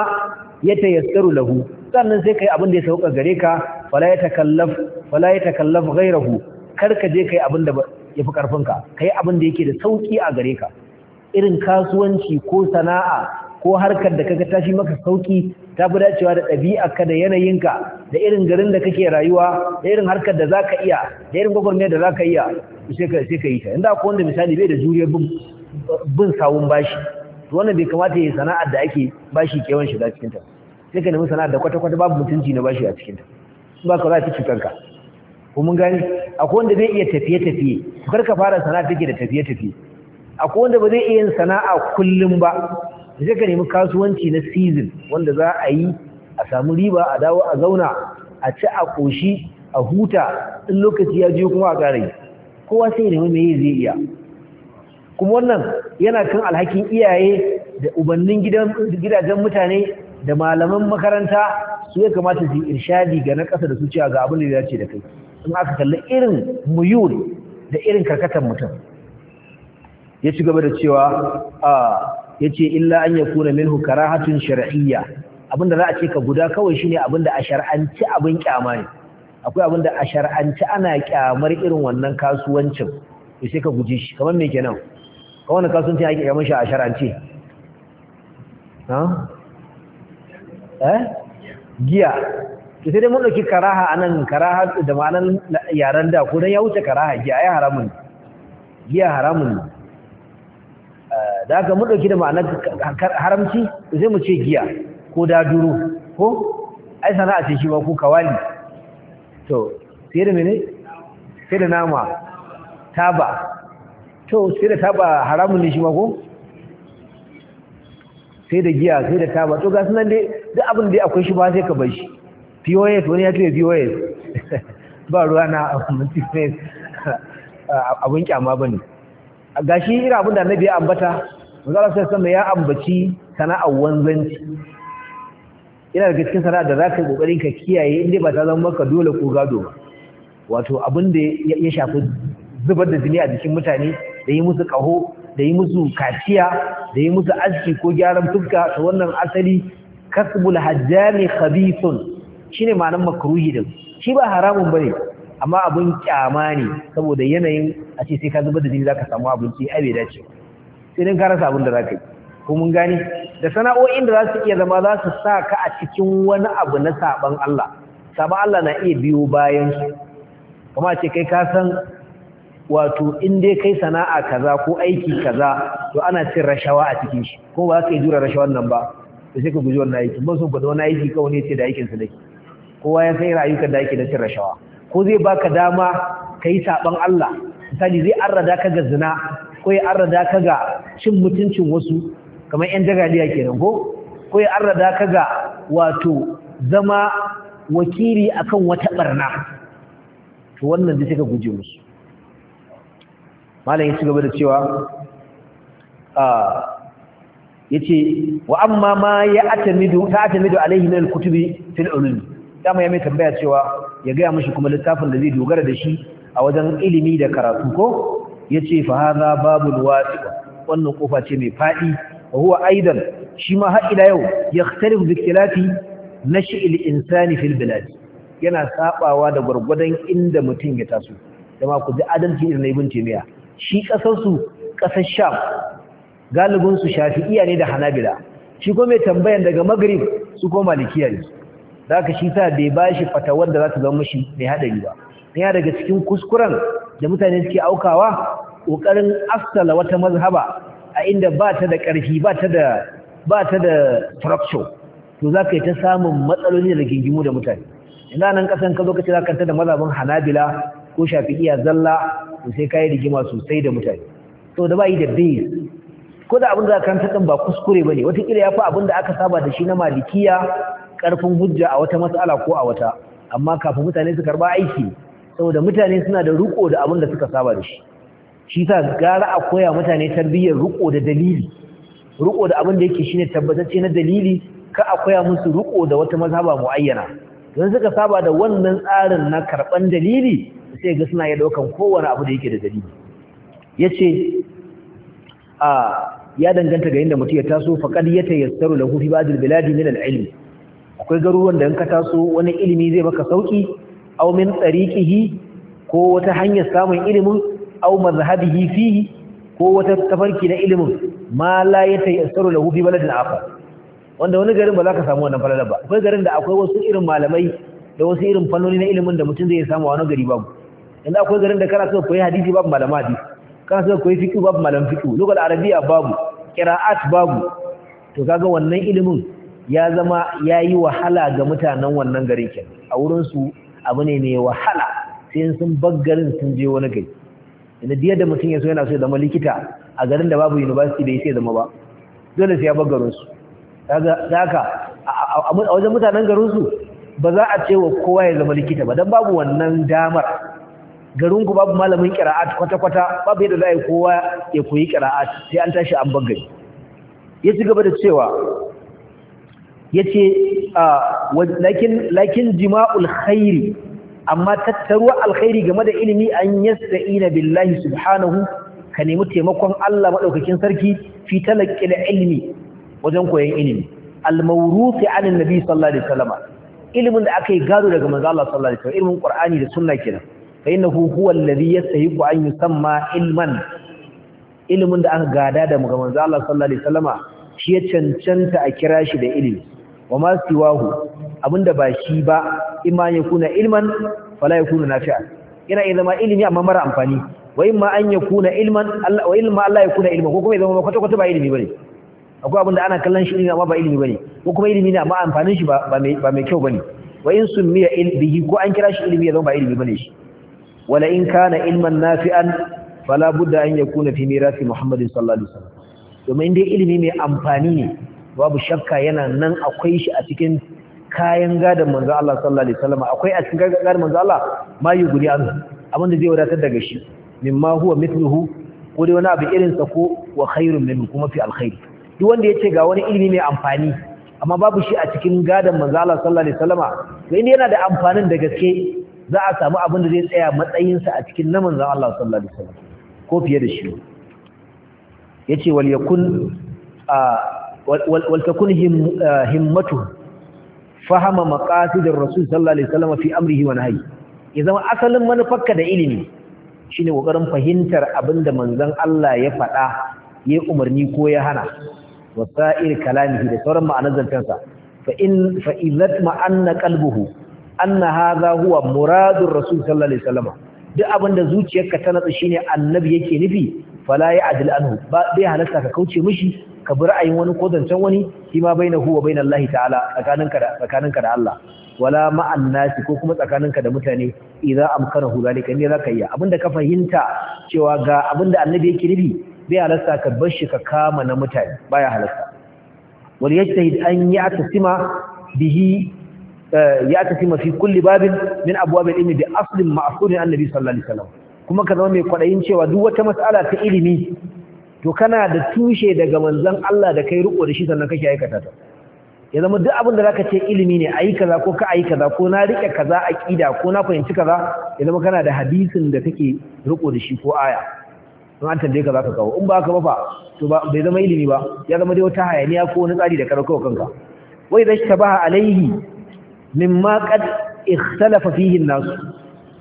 yatayassaru lahu sannan sai kai abin da ya sauka gare ka fala ya takallaf fala ya takallaf ghayrahu kar ka je kai abin da ya fi karfin ka kai abin da yake da sauki a gare ka irin kasuwanci ko sana'a ko harkar da kaga tashi maka sauki ta fi dacewa da ka da yanayinka da irin garin da kake rayuwa da irin harkar da zaka iya da irin gwagwarmayar da zaka iya sai ka sai ka yi ta inda akwai wanda misali bai da juriya bin bin sawun bashi to wannan bai kamata ya sana'ar da ake bashi kewan shiga cikin ta sai ka nemi da kwata-kwata babu mutunci na bashi a cikinta ba ka za ta ci kanka ko mun gani akwai wanda zai iya tafiye-tafiye kar ka fara sana'a take da tafiye-tafiye akwai wanda ba zai iya yin sana'a kullum ba sai ka nemi kasuwanci na season wanda za a yi a samu riba a dawo a zauna a ci a koshi a huta in lokaci ya je kuma a ƙara yi kowa sai nemi me zai iya kuma wannan yana kan alhakin iyaye da ubannin gidajen mutane da malaman makaranta su ya kamata su yi irshadi ga na ƙasa da su cewa ga abin da ya ce da kai in aka kalli irin muyul da irin karkatar mutum ya ci gaba da cewa ya ce illa an ya kuna minhu karahatun shar'iyya abinda za a ce ka guda kawai shine abinda a shar'anci abin kyama ne akwai abinda a shar'anci ana kyamar irin wannan kasuwancin ya sai ka guji shi kamar me kenan kawai wannan kasuwancin ake kyamar shi a shar'anci eh giya to sai dai mun dauki karaha anan karaha da ma'anan yaran da ko dan ya wuce karaha giya ai haramun giya haramun eh, da ga mun dauki da ma'anar haramci to sai mu ce giya ko daduro ko ai sana'a ce shi ba ko kawali to sai da mene sai da nama taba to sai da taba haramun ne shi ba ko sai da giya sai da taba to ga sunan dai duk abin da akwai shi ba sai ka bar shi POS wani ya tuye POS ba ruwa na POS abin kyama ba ne ga shi irin abin da annabi ya ambata manzala sai sama ya ambaci sana'ar wanzanci yana daga cikin sana'ar da za ka yi ƙoƙarin ka kiyaye inda ba ta zama maka dole ko gado wato abin da ya shafi zubar da jini a jikin mutane da yi musu ƙaho da yi musu kaciya da yi musu aski ko gyaran fuska ta wannan asali kasbul hajjami khabithun shine ma'anar makruhi din shi ba haramun bane amma abun kyama ne saboda yanayin a ce sai ka zubar da jini zaka samu abinci ai bai dace sai dan ka rasa abin da zaka yi ko mun gane da sana'o'in da za su iya zama za su sa ka a cikin wani abu na saban Allah saban Allah na iya biyo bayan su kuma ce kai ka san wato in dai kai sana'a kaza ko aiki kaza to ana cin rashawa a cikin shi ko ba ka yi jura rashawan nan ba to sai ka guji wannan aiki ba so gwada wani aiki kawai ne ce da aikinsa nake kowa ya sai rayukan da ake na cin rashawa ko zai baka dama ka yi saɓan Allah misali zai arrada ka ga zina ko ya arrada ka ga cin mutuncin wasu kamar 'yan jagaliya kenan ko ko ya arrada ka ga wato zama wakili akan wata barna to wannan da ka guje musu Mallam ya cigaba gaba da cewa ya ce wa amma ma ya atamidu ta atamidu alaihi min alkutubi fil ulumi dama ya mai tambaya cewa ya gaya mashi kuma littafin da zai dogara da shi a wajen ilimi da karatu ko ya ce fa haza babul wasi wannan kofa ce mai faɗi wa huwa aidan shi ma har ila yau ya khtarif bi na nashi'il insani fil bilad yana sabawa da gwargwadon inda mutum ya taso Da ku ji adalci irin ibn miya. shi ƙasarsu ƙasar sham galibinsu shafi'iya ne da hanabila shi ko mai tambayan daga magrib su ko malikiya ne za ka shi sa bai ba shi fatawar da za ta zama shi mai haɗari ba ya daga cikin kuskuren da mutane suke aukawa ƙoƙarin asala wata mazhaba a inda ba ta da ƙarfi ba ta da ba to za ka yi ta samun matsaloli da gingimu da mutane ina nan ƙasan ka zo ka ce za ka da mazhabin hanabila ko shafi'iya zalla to sai ka yi rigima sosai da mutane to da ba yi da base ko da abin da kan ta ba kuskure bane wataƙila ya fi abin da aka saba da shi na malikiya ƙarfin hujja a wata matsala ko a wata amma kafin mutane su karba aiki saboda mutane suna da riƙo da abin da suka saba da shi shi sa gara a koya mutane tarbiyyar riƙo da dalili Riƙo da abin da yake shine tabbatacce na dalili ka a koya musu riko da wata mazhaba muayyana don suka saba da wannan tsarin na karɓan dalili sai ga suna ya daukan kowane abu da yake da dalili ce, a ya danganta ga inda mutum ya taso faqad yatayassaru lahu da ba'd ba bilad min al-ilm akwai garuruwan da in ka taso wani ilimi zai baka sauƙi, au min tsarikihi ko wata hanyar samun ilimin au mazhabihi fihi ko wata tafarki na ilimin ma la yatayassaru da hufi baladin Afa. wanda wani garin ba za ka samu wannan falala ba akwai garin da akwai wasu irin malamai da wasu irin fannoni na ilimin da mutum zai samu a wani gari babu yanzu akwai garin da kana so koyi hadisi babu malama hadisi kana so koyi fiqh babu malam fiqh lugal arabiya babu qira'at babu to kaga wannan ilimin ya zama yayi wahala ga mutanen wannan garin kenan a wurin su abu ne mai wahala sai sun baggarin sun je wani gari inda diya da mutum ya so yana so ya zama likita a garin da babu university da yake zama ba dole sai ya baggarin su kaga haka a wajen mutanen garin su ba za a ce wa kowa ya zama likita ba dan babu wannan damar garin ku babu malamin qira'at kwata kwata babu yadda za a yi kowa ya koyi qira'at sai an tashi an bangare. ya ci gaba da cewa yace a lakin lakin jima'ul khairi amma tattaruwa alkhairi game da ilimi an ina billahi subhanahu ka nemi taimakon Allah madaukakin sarki fi talaqqil ilmi wajen koyon ilimi al-mawruthi nabi sallallahu alaihi wasallam ilimin da aka yi gado daga manzo Allah sallallahu alaihi wasallam ilimin Qur'ani da sunna kenan فإنه هو الذي يستحق أن يسمى علما ilimin da aka gada da muga manzo Allah sallallahu alaihi wasallama shi ya cancanta a kira shi da ilimi wa ma siwahu abinda ba shi ba imma ya kuna ilman fala yakunu nafi'a yana iya zama ilimi amma mara amfani wa imma an yakuna ilman wa ilma Allah ya kuna ilman ko kuma ya zama kwata kwata ba ilimi bane akwai abinda ana kallon shi ilimi amma ba ilimi bane ko kuma ilimi ne amma amfanin shi ba ba mai kyau bane wa in summiya bihi ko an kira shi ilimi ya zama ba ilimi bane shi wala in kana ilman nafi'an fala budda an yakuna fi mirasi muhammadin sallallahu alaihi wasallam domin dai ilimi mai amfani ne babu shakka yana nan akwai shi a cikin kayan gadon manzo Allah sallallahu alaihi wasallam akwai a cikin gadon manzo Allah ma yuguri an abin da zai wadatar daga shi mimma huwa mithluhu ko dai wani abu irin sa ko wa khairun min kuma fi alkhairi duk wanda yace ga wani ilimi mai amfani amma babu shi a cikin gadon manzo Allah sallallahu alaihi wasallama to inda yana da amfanin da gaske za a samu abin da zai tsaya matsayinsa a cikin na manzan Allah sallallahu alaihi wasallam ko fiye da shi yace wal yakun himmatu fahama da rasul sallallahu alaihi wasallam fi amrihi wa nahyi ya zama asalin manufarka da ilimi shine kokarin fahimtar abin da manzon Allah ya faɗa ya umarni ko ya hana wasa'ir kalamihi da sauran ma'anar zantansa fa in fa ilat ma'anna qalbuhu anna hadha huwa muradur rasul sallallahu alaihi wasallam duk abinda zuciyarka ta natsu shine annabi yake nufi fala ya adil anhu ba bai halarta ka kauce mishi ka bi ra'ayin wani ko zancen wani shi ma huwa baina Allah ta'ala tsakaninka da tsakaninka da Allah wala ma annasi ko kuma tsakaninka da mutane idza amkanahu zalika ne zaka yi abinda ka fahimta cewa ga abinda annabi yake nufi bai halasta ka bar shi ka kama na mutane baya halasta wal yajtahid an ya'tasima bihi ya tafi mafi kulli babin min abwabil ilmi bi aslin ma'sulin annabi sallallahu alaihi wasallam kuma ka zama mai kwadayin cewa duk wata mas'ala ta ilimi to kana da tushe daga manzon Allah da kai riko da shi sannan kake aikata ta ya zama duk abin da zaka ce ilimi ne ayi kaza ko ka ayi kaza ko na rike kaza aqida ko na fahimci kaza ya zama kana da hadisin da kake riko da shi ko aya don an tambaye ka zaka kawo in ba ka ba fa to ba bai zama ilimi ba ya zama dai wata hayaniya ko wani tsari da ka dauko kanka wai da shi tabaha alaihi mimma qad ikhtalafa fihi an-nas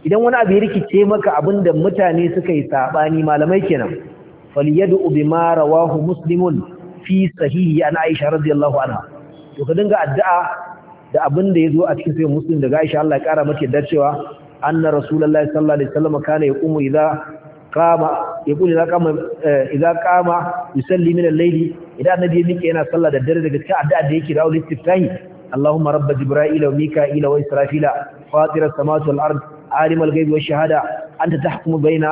idan wani abu ya rikice maka abinda mutane suka yi sabani malamai kenan falyad'u bima rawahu muslimun fi sahihi an aisha radiyallahu anha to ka dinga addu'a da abinda yazo a cikin sahih muslim daga aisha Allah ya kara mata da cewa anna rasulullahi sallallahu alaihi wasallam kana yaqumu idza qama yaqulu idza qama eh, idza qama yusalli min al-layli idan annabi yake yana sallah da dare daga cikin addu'a da yake da istiftahi اللهم رب جبرائيل وميكائيل وإسرافيل فاطر السماوات والأرض عالم الغيب والشهادة أنت تحكم بين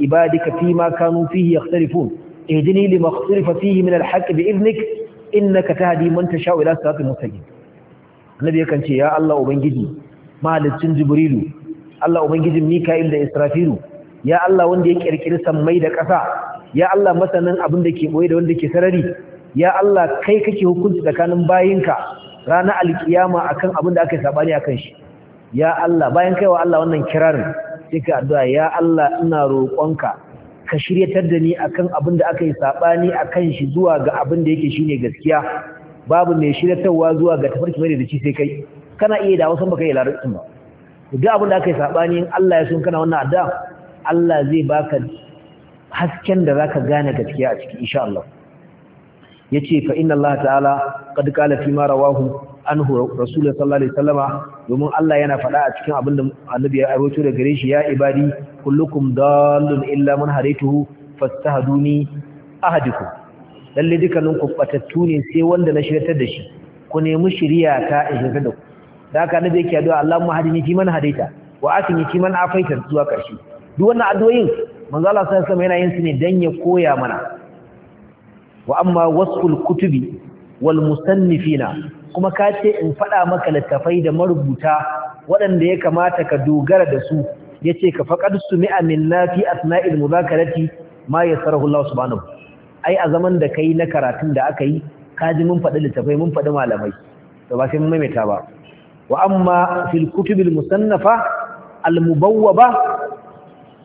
عبادك فيما كانوا فيه يختلفون اهدني لما اختلف فيه من الحق بإذنك إنك تهدي من تشاء إلى صراط المستقيم النبي يكن يا الله وبنجي مالتين جبريل الله وبنجي ميكائيل da Israfilu ya Allah wanda ya kirkiri sammai da ƙasa ya Allah masanin abin da ke boye da wanda ke sarari ya Allah kai kake hukunci tsakanin bayinka ranar alkiyama akan abin da aka yi sabani akan shi ya Allah bayan kaiwa Allah wannan kirarin sai ka addu'a ya Allah ina roƙonka ka shiryatar da ni akan abin da aka yi sabani akan shi zuwa ga abin da yake shine gaskiya babu mai shiryatarwa zuwa ga tafarki mai da ci sai kai kana iya da san baka yi larabcin ba duk abin da aka yi sabani in Allah ya so kana wannan addu'a Allah zai baka hasken da zaka gane gaskiya a ciki insha Allah yace fa inna Allah ta'ala qad qala fi ma rawahu anhu rasul sallallahu alaihi wasallama domin Allah yana faɗa a cikin abin da annabi ya aiwato da gare shi ya ibadi kullukum dallun illa man hadaituhu fastahduni ahadikum lalle dukannin ku batattu ne sai wanda na shiryatar da shi ku nemi shiriya ta in da ku da haka annabi yake addu'a Allahumma hadini fi man hadaita wa afini fi man afaita zuwa karshe duk wannan addu'o'in manzo Allah sallallahu alaihi wasallam yana yin su ne dan ya koya mana wa amma wasful kutubi wal musannifina kuma ka ce in faɗa maka littafai da marubuta waɗanda ya kamata ka dogara da su yace ka faqad sumi'a min nafi asna'il muzakarati ma yasarahu Allah subhanahu ai a zaman da kai na karatun da aka yi ka ji mun faɗi littafai mun faɗi malamai to ba sai mun maimaita ba wa amma fil kutubil musannafa al mubawwaba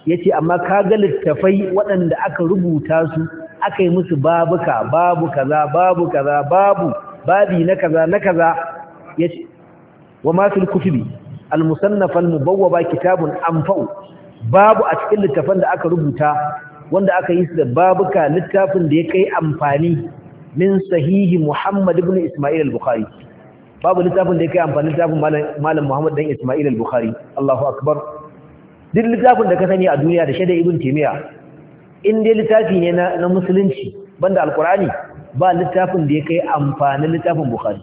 yace amma ka ga littafai waɗanda aka rubuta su aka yi musu babuka babu kaza babu kaza babu babi na kaza na kaza yace wa ma fil kutubi al musannafa al mubawwaba kitabun Amfau. babu a cikin littafan da aka rubuta wanda aka yi su da babuka littafin da ya kai amfani min sahihi Muhammad ibn Isma'il al-Bukhari babu littafin da ya kai amfani littafin malam Muhammad dan Isma'il al-Bukhari Allahu akbar duk littafin da ka sani a duniya da shaida ibn Taymiyyah in dai littafi ne na musulunci banda alkurani ba littafin da ya kai amfanin littafin bukhari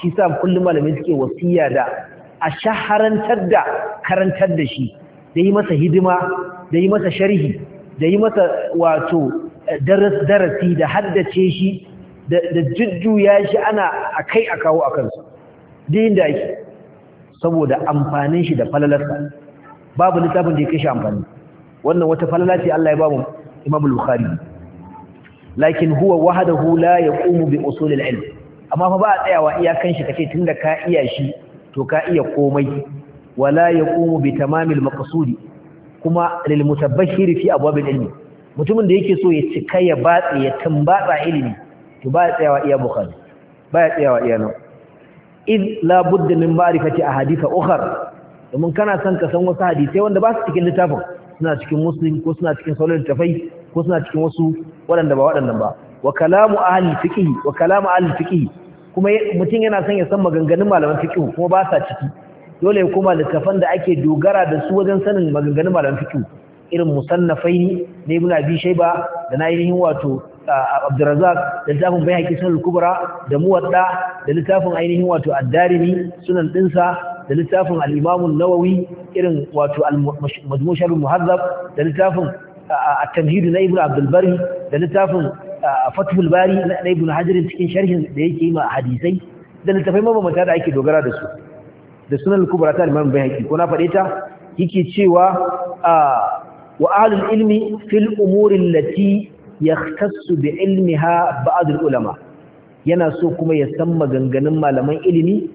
shi sa kullum malamai suke wasiya da a shaharantar da karantar da shi da yi masa hidima da yi masa sharhi da yi masa wato eh, darasi da haddace shi da jujjuya shi ana a kai a kawo a kansu din da ake saboda amfanin shi da falalarsa babu littafin da ya kai shi amfani wannan wata falala ce Allah ya ba mu imam al-bukhari lakin huwa wahdahu la yaqumu bi usul al-ilm amma fa ba tsayawa iyakan shi kace tunda ka iya shi to ka iya komai wala yaqumu bi tamamil maqsudi kuma lil mutabashshir fi abwab al-ilm mutumin da yake so ya cika ya batsi ya tambatsa ilimi to ba tsayawa iya bukhari ba tsayawa iya nan id la budda min ma'rifati ahadith ukhra domin kana son ka san wasu hadisai wanda ba su cikin littafin suna cikin muslim ko suna cikin saurin tafai ko suna cikin wasu waɗanda ba waɗannan ba wa kalamu ahli fiqh wa kalamu ahli fiqh kuma mutum yana son ya san maganganun malaman fiqh kuma ba sa ciki dole kuma littattafan littafan da ake dogara da su wajen sanin maganganun malaman fiqh irin musannafai ne ibn abi shayba da nayin wato Abdurrazzaq da littafin bai Sunan al-Kubra da Muwadda da littafin ainihin wato Ad-Darimi sunan dinsa da littafin al nawawi irin wato al-Majmu' Sharh muhazzab da littafin at-Tamhid na Ibn da littafin Fathul Bari na Ibn Hajar cikin sharhin da yake yi ma hadisai da littafai mabambanta da ake dogara da su da sunan kubra ta Imam Bayhaqi ko na faɗe ta yake cewa wa ahlul ilmi fil umurin allati yahtassu bi ilmi ha al-ulama yana so kuma ya san maganganun malaman ilimi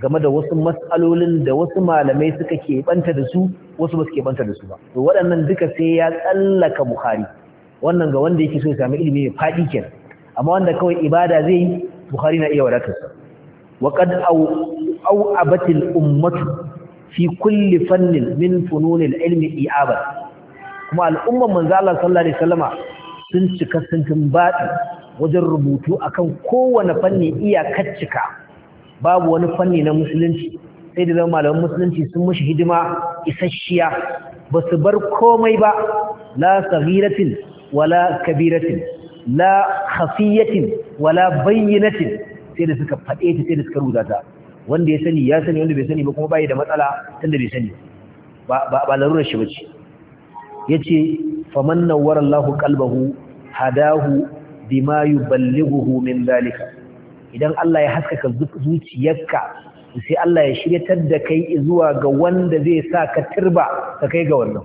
game da wasu matsalolin da wasu malamai suka keɓanta da su wasu ba su keɓanta da su ba to waɗannan duka sai ya tsallaka bukhari wannan ga wanda yake so ya sami ilimi mai faɗi kenan amma wanda kawai ibada zai yi bukhari na iya wadatarsa wa qad aw abatil ummatu fi kulli fannin min fununil ilmi i'aba kuma al'umman manzo Allah sallallahu alaihi wasallama sun cika sun tumbaɗi wajen rubutu akan kowane fanni iyakar cika babu wani fanni na musulunci sai da zama malaman musulunci sun mushi hidima isasshiya ba su bar komai ba la sariratin, wala kabiratin la hafiyatin wala bayyanatin. sai da suka faɗe ta sai da suka rubuta ta wanda ya sani ya sani wanda bai sani ba kuma bai da matsala da bai sani ba ba larurar shi bace yace faman nawwara Allahu qalbahu hadahu bima yuballighuhu min zalika idan Allah ya haskaka zuciyarka sai Allah ya shiryatar da kai zuwa ga wanda zai sa ka turba ka kai ga wannan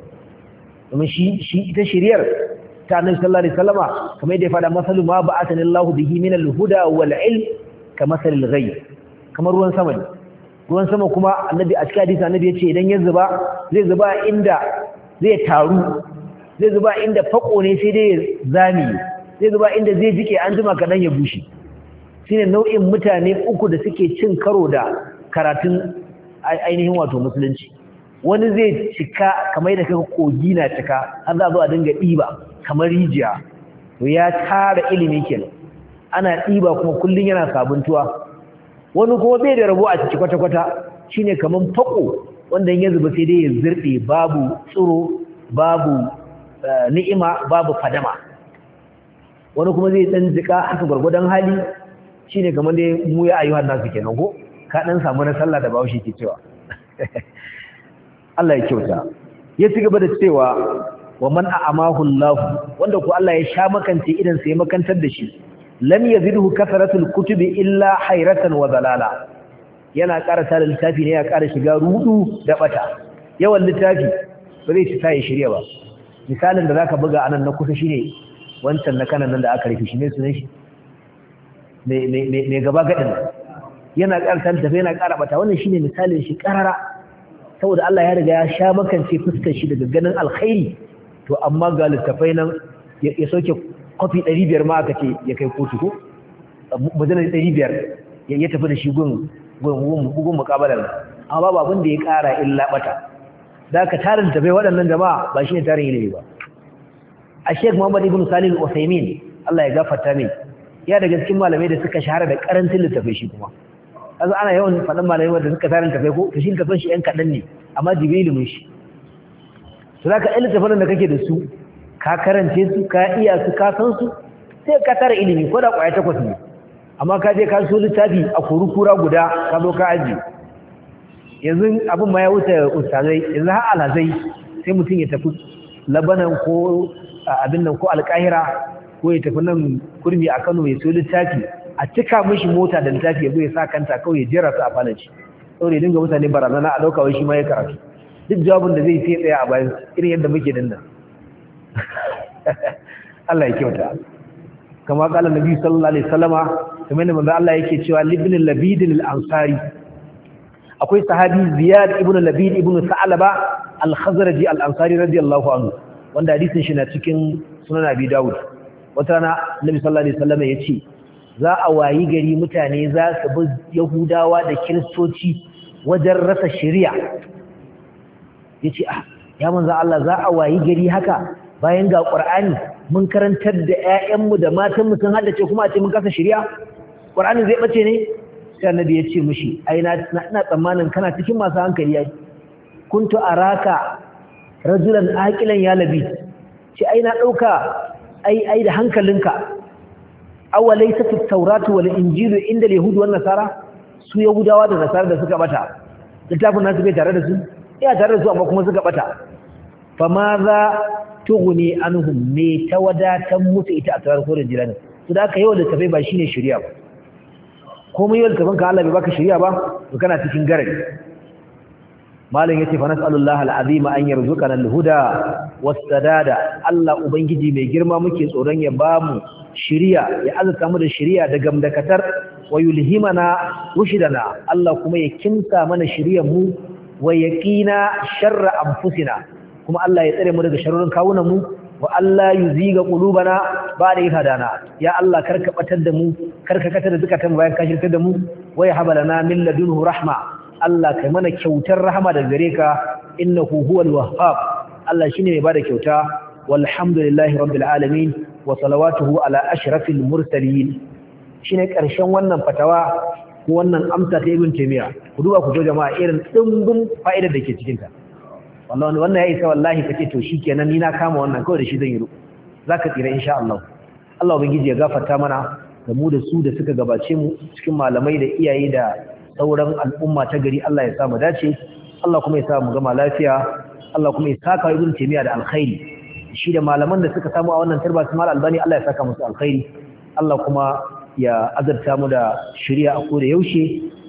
domin shi shi ita shiryar ta annabi sallallahu alaihi wasallama kamar yadda ya faɗa masalu ma ba'athani Allahu bihi min al-huda wal ilm ka masalil ghayb kamar ruwan sama ne ruwan sama kuma annabi a cikin hadisi annabi yace idan ya zuba zai zuba inda zai taru zai zuba inda fako ne sai dai zami zai zuba inda zai jike an jima kadan ya bushe shine nau'in mutane uku da suke cin karo da karatun ainihin wato musulunci wani zai cika kamar da kaga kogi na cika har za zo a dinga ɗiba kamar rijiya to ya tara ilimi kenan ana ɗiba kuma kullun yana sabuntuwa wani kuma bai da rabo a ciki kwata-kwata shine kamar fako wanda ya zuba sai dai ya zirɗe babu tsiro babu eh, ni'ima babu fadama wani kuma zai ɗan jika haka gwargwadon hali Shi ne kamar dai mu ya ayyuhan nasu suke ko ka dan samu na sallah da shi ke cewa Allah ya kyauta ya ci gaba da cewa wa man a'amahu Allah wanda ku Allah ya sha makance idan sai makantar da shi lam yazidhu kasaratul kutubi illa hayratan wa dalala yana ƙara tare littafi ne ya ƙara shiga rudu da bata yawan littafi ba zai ci ya shirya ba misalin da zaka buga anan na kusa shine wancan na kanan nan da aka rufe shi ne sunan shi mai gaba gaɗin yana ƙara tafi yana ƙara bata wannan shine misalin shi ƙarara saboda Allah ya riga ya sha makance fuskar shi daga ganin alkhairi to amma ga littafai nan ya soke kwafi 500 ma aka ce ya kai kotu ko majalar 500 ya tafi da shi gun gun mukabalar amma ba abin da ya ƙara in bata da ka tarin tafe waɗannan jama'a ba shi ne tarin ilimi ba a Sheikh Muhammad Ibn Salih Al-Uthaymeen Allah ya gafarta mai ya daga cikin malamai da suka shahara da karancin littafai shi kuma kaza ana yawan faɗin malamai wanda suka tarin littafai ko shi littafin shi ɗan kaɗan ne amma jibrilu mun shi to zaka ɗan littafin da kake da su ka karance su ka iya su ka san su sai ka tara ilimi ko da ƙwaya takwas ne amma ka je ka so littafi a kuru kura guda ka zo ka aji yanzu abin ma ya wuce ustazai yanzu har alazai sai mutum ya tafi labanan ko abin nan ko alƙahira ko ya tafi nan kurmi a Kano ya so littafi a cika mishi mota da littafi ya zo ya sa kanta kawai ya jera su a falon shi saboda ya dinga mutane barazana a ɗauka wai shi ma ya karatu duk jawabin da zai sai tsaye a bayan irin yadda muke dinnan Allah ya kyauta Kamar kala nabi sallallahu alaihi wasallama kamar da manzo Allah yake cewa libn labid al-ansari akwai sahabi ziyad ibn labid ibn Sa'alaba al-khazraji al-ansari radiyallahu anhu wanda hadisin shi na cikin sunan abi dawud wata rana Nabi sallallahu alaihi wasallam ya ce za a wayi gari mutane za su bi Yahudawa da Kiristoci wajen rasa shari'a yace ah ya manzo Allah za a wayi gari haka bayan ga Qur'ani mun karantar da ƴaƴanmu da matanmu sun haddace kuma a ce mun kasa shari'a Qur'ani zai bace ne sai annabi ya ce mushi, ai na ina tsammanin kana cikin masu hankali yayi kuntu araka rajulan aqilan ya labi ce ai na dauka ai ai da hankalinka awalai ta tauratu wal injilu inda yahudu wan nasara su yahudawa da nasara da suka bata littafin nasu bai tare da su ya tare da su amma kuma suka bata fa ma za tughni anhum me ta tan musu ita a tsarar da jiran su da ka yau da tafai ba shine shari'a ba komai yau da tafin ka Allah bai baka shari'a ba to kana cikin garin. malam yace fa nas'alullahi al'azima an yarzuqana al-huda Allah ubangiji mai girma muke tsoron ya bamu shiriya ya azurta mu da shiriya da gamdakatar wayulhimana yulhimana rushidana Allah kuma ya kinta mana shiriyar mu wa yaqina sharra anfusina kuma Allah ya tsare mu daga sharrin kawunan mu wa Allah yuziga qulubana bada da ya Allah karka batar da mu karka katar da zakatan bayan ka shirka da mu wa ya habalana min ladunhu rahma Allah kai mana kyautar rahama da gare ka innahu huwal wahhab Allah shine mai bada kyauta walhamdulillahi rabbil alamin wa salawatuhu ala ashrafil mursalin shine karshen wannan fatawa ko wannan amsa ta ibn taymiya ku duba ku jo jama'a irin dimbin fa'idar da ke cikin ta wallahi wannan yayi sai wallahi kace to shikenan ni na kama wannan kawai da shi zan yi zaka tsira insha Allah Allah ubangiji ya gafarta mana da mu da su da suka gabace mu cikin malamai da iyaye da sauran al'umma ta gari Allah ya samu dace Allah kuma ya samu gama lafiya Allah kuma ya saka ibn taymiya da alkhairi shi da malaman da suka samu a wannan tarba su mal albani Allah ya saka musu alkhairi Allah kuma ya azurta mu da shari'a a koda yaushe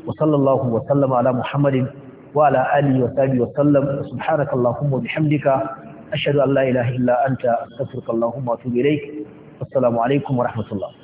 wa sallallahu wa sallama ala muhammadin wa ala alihi wa sahbihi wa sallam subhanaka allahumma wa bihamdika ashhadu an la ilaha illa anta astaghfiruka allahumma wa atubu ilaik assalamu alaikum wa rahmatullah